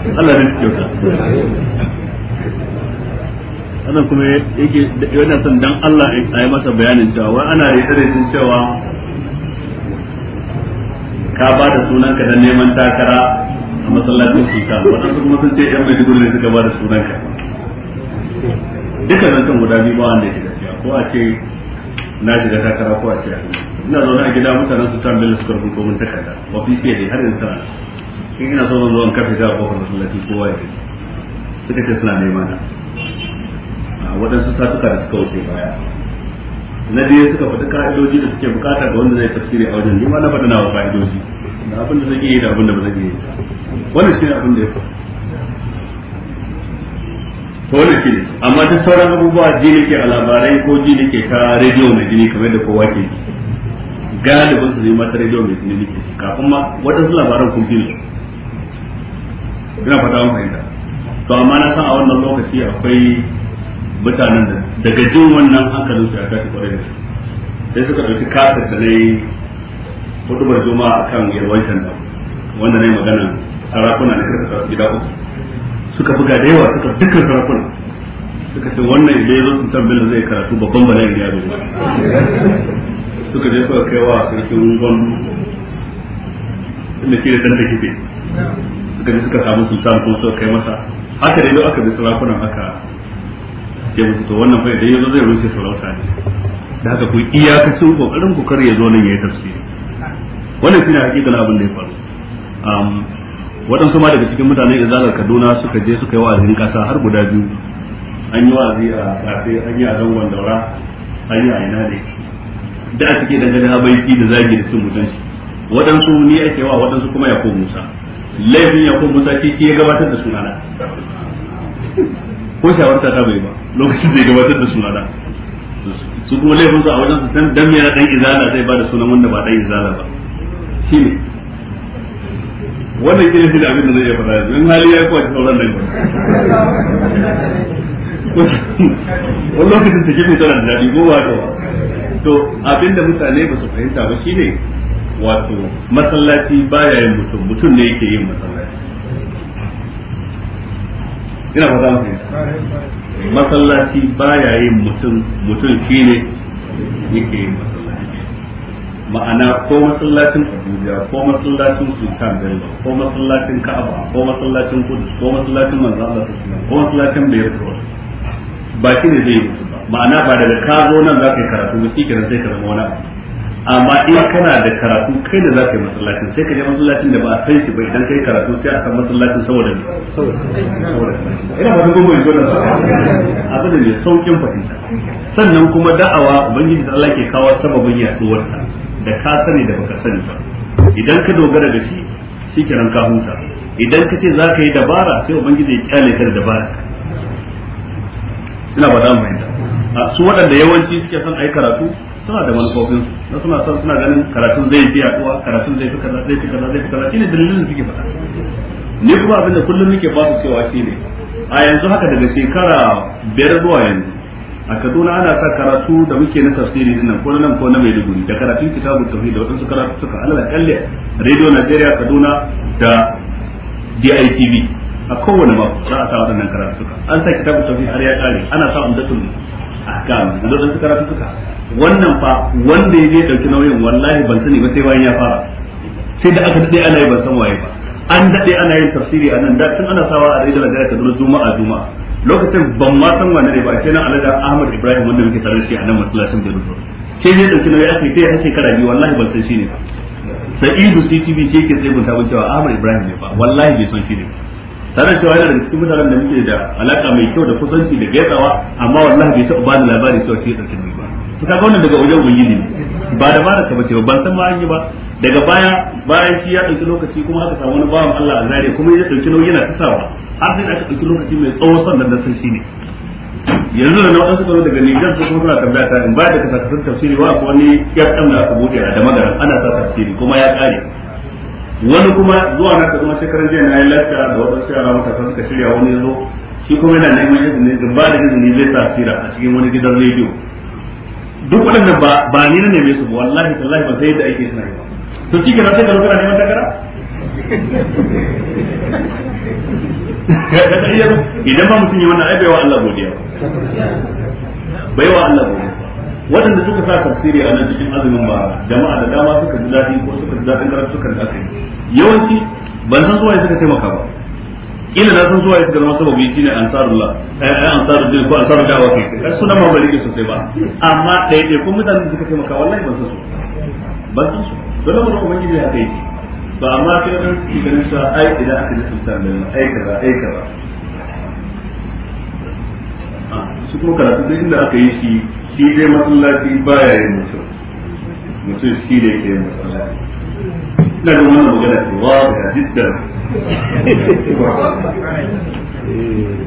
Allah ne kyauta wannan kuma yake yana son dan Allah a yi masa bayanin cewa wai ana yi sun cewa ka ba da sunan ka dan neman takara a masallacin kika wadansu kuma sun ce yan mai ne suka ba da sunan ka duka nan kan guda biyu ba wanda yake gaskiya ko a ce na shiga takara ko a ce ina zaune a gida mutanen su tambayin su karbi komin takarda wafi fiye da har yanzu tana in ina so zan zo an karfe ta kofar masallaci kowa ya gani suka ce suna nema na waɗansu satuka da suka wuce baya na biyu suka faɗi ka'idoji da suke bukata ga wanda zai tafsiri a wajen nima na faɗi na ka'idoji da abin da zai iya yi da abin da ba zai iya yi wannan shi ne abin da ya faɗi to wannan shi ne amma duk sauran abubuwa ji nake a labarai ko ji nake ta rediyo mai jini kamar da kowa ke ji galibin su ne mata rediyo mai jini nake kafin ma waɗansu labaran kun fi ina fata mun fahimta to amma na san a wannan lokaci akwai mutanen da daga jin wannan hankalin su ya tashi kwarai da su sai suka ɗauki kasar da nayi hudubar juma'a akan yalwan da wanda nayi magana sarakuna na karkasa gida uku suka buga da yawa suka dukkan sarakuna suka ce wannan idan ya zo sun tambayar zai karatu babban bala'in ya zo suka je suka kai wa sarkin gwandu inda ke da tantake da suka ji suka samu sultan ko suka kai masa haka dai aka bi sarakunan haka ya musu to wannan fa idan yazo zai rushe sarauta ne da haka ku iyakacin kokarin ku kar ya zo nan yayi tafsiri wannan shine hakikan abin da ya faru waɗansu ma daga cikin mutanen izalar kaduna suka je suka yi wa'azin kasa har guda biyu an yi wa'azi a kafe an yi a zangon daura an yi a ina ne da a cike dangane habaiki da zagi da sun mutunci waɗansu ni ake wa waɗansu kuma ya ko musa laifin ya kuma musa shi ya gabatar da sunana ko shawarta ta bai ba lokacin da ya gabatar da sunana su kuma laifin su a wajen su dan dan na dan izala zai ba da sunan wanda ba dan izala ba shine wannan kiran shi da abin da zai iya faɗa yanzu in hali ya kwaci sauran nan wani lokacin take mai da daɗi ko ba to abin da mutane ba su fahimta ba shine wato masallaci baya yin mutum mutum ne yake yin masallaci ina fata muku masallaci baya yin mutum mutum shine yake yin masallaci ma'ana ko masallacin Abuja ko masallacin Sultan Bello ko masallacin Ka'aba ko masallacin Kudus ko masallacin Manzo Allah ko masallacin Beirut ba shi ne zai yi ba ma'ana ba daga ka zo nan za ka yi karatu ba shi kenan sai ka zama wani abu amma in kana da karatu kai da ka yi masallacin sai ka je masallacin da ba a san shi ba idan kai karatu sai a san masallacin saboda ne ina ba gogo yanzu da abin da ne saukin fahimta sannan kuma da'awa ubangiji da Allah ke kawo sababin yaduwar ta da ka sani da baka sani ba idan ka dogara da shi shi kiran ka huta idan ka ce za ka yi dabara sai ubangiji ya kyale ka da dabara ina ba da mu fahimta su waɗanda yawanci suke son a yi karatu suna da manufofin na suna son suna ganin karatun zai fi yaduwa karatun zai fi kaza zai fi kaza zai fi kaza shine dalilin da suke faɗa ni kuma abin da kullum nake ba su cewa shine a yanzu haka daga shekara biyar zuwa yanzu a Kaduna ana sa karatu da muke na tafsiri dinnan ko nan ko na Maiduguri da karatun kitabu tauhid da wadansu karatu suka alala kalle Radio Nigeria Kaduna da DITV a kowane mako za a sa wadannan karatu suka an sa kitabu tauhid har ya kare ana sa umdatul wannan fa wanda ya je dauki nauyin wallahi ban sani ba sai bayan ya an daɗe ana yin tafsiri a nan da tun ana sawa a rijal da ta dole juma'a juma'a lokacin ban ma san wanda ne ba sai na alada Ahmad Ibrahim wanda muke tare da shi a nan masallacin da rubutu sai ne dauki nauyi aka yi sai har biyu wallahi ban san shi ne ba CTV ke ke sai mun tabbata Ahmad Ibrahim ne ba wallahi bai san shi ne tare cewa yana da cikin mutanen da muke da alaka mai kyau da kusanci da gaitsawa amma wallahi bai taɓa bani labari cewa shi tsarkin ba su kaga wannan daga wajen ubangiji ne ba da ba da ka bace ban san ma an yi ba daga baya bayan shi ya ɗauki lokaci kuma aka samu wani bawan Allah a zare kuma ya ɗauki nauyi na kasawa har sai aka ɗauki lokaci mai tsawo sannan da san shi ne yanzu da nau'an suka zo daga Nijar su kuma suna tambaya ta in ba da kasakasun tafsiri wa ko wani ya ɗan da aka buɗe a da magana ana sa tafsiri kuma ya ƙare wani kuma zuwa na kuma shekaran jiya na yi lafiya da waɗansu yara matasa suka shirya wani zo shi kuma yana neman izini ba da izini zai sa fira a cikin wani gidan rediyo duk waɗanda ba ba ni na neme su wallahi tallahi ba sai da ake suna yi ba to shi kenan sai ka zo neman takara <laughs> idan ba mutum yi wannan aibewa Allah godiya baiwa Allah godiya waɗanda suka sa tafsiri a nan cikin azumin ba jama'a da dama suka ji daɗi ko suka ji daɗin karatu suka da akai yawanci ban san suwaye suka taimaka ba ina na san suwaye suka zama sababi ne ansarullah ai eh, ai eh, ansarullah ko ansarul dawa kai kai sunan ma bari sosai ba amma ɗaya ɗaya kuma mutanen suka taimaka wallahi ban san su ban san su don kuma ubangiji ya kai ba amma sai ɗan ki ganin sa ai idan aka ji sultan da ai kaza ai kaza ah, su kuma karatu duk inda aka yi shi shi dai masallaci baya yin mutum mutum shi ne ke yin masallaci ina da wannan magana ce wa da jiddan <laughs> <laughs> eh.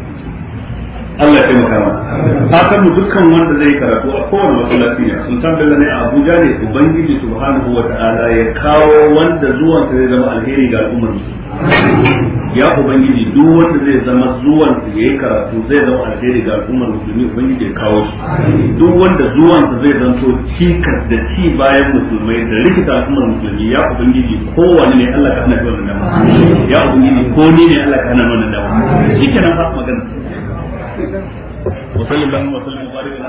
Allah ya taimaka mana san mu dukkan wanda zai karatu a kowane masallaci ne sultan bello ne a Abuja ne ubangiji subhanahu wa ta'ala ya kawo wanda zuwan zai zama alheri ga al'ummar ya ubangiji duk wanda zai zama zuwan sa yayi karatu zai zama alheri ga al'ummar musulmi ubangiji ya kawo shi duk wanda zuwan sa zai zanto cikas da ci bayan musulmai da rikita al'ummar musulmi ya ubangiji kowane ne Allah ka hana shi wannan dama ya ubangiji ko ni ne Allah ka hana wannan dama shi kenan fa magana وسلم اللهم وسلم وبارك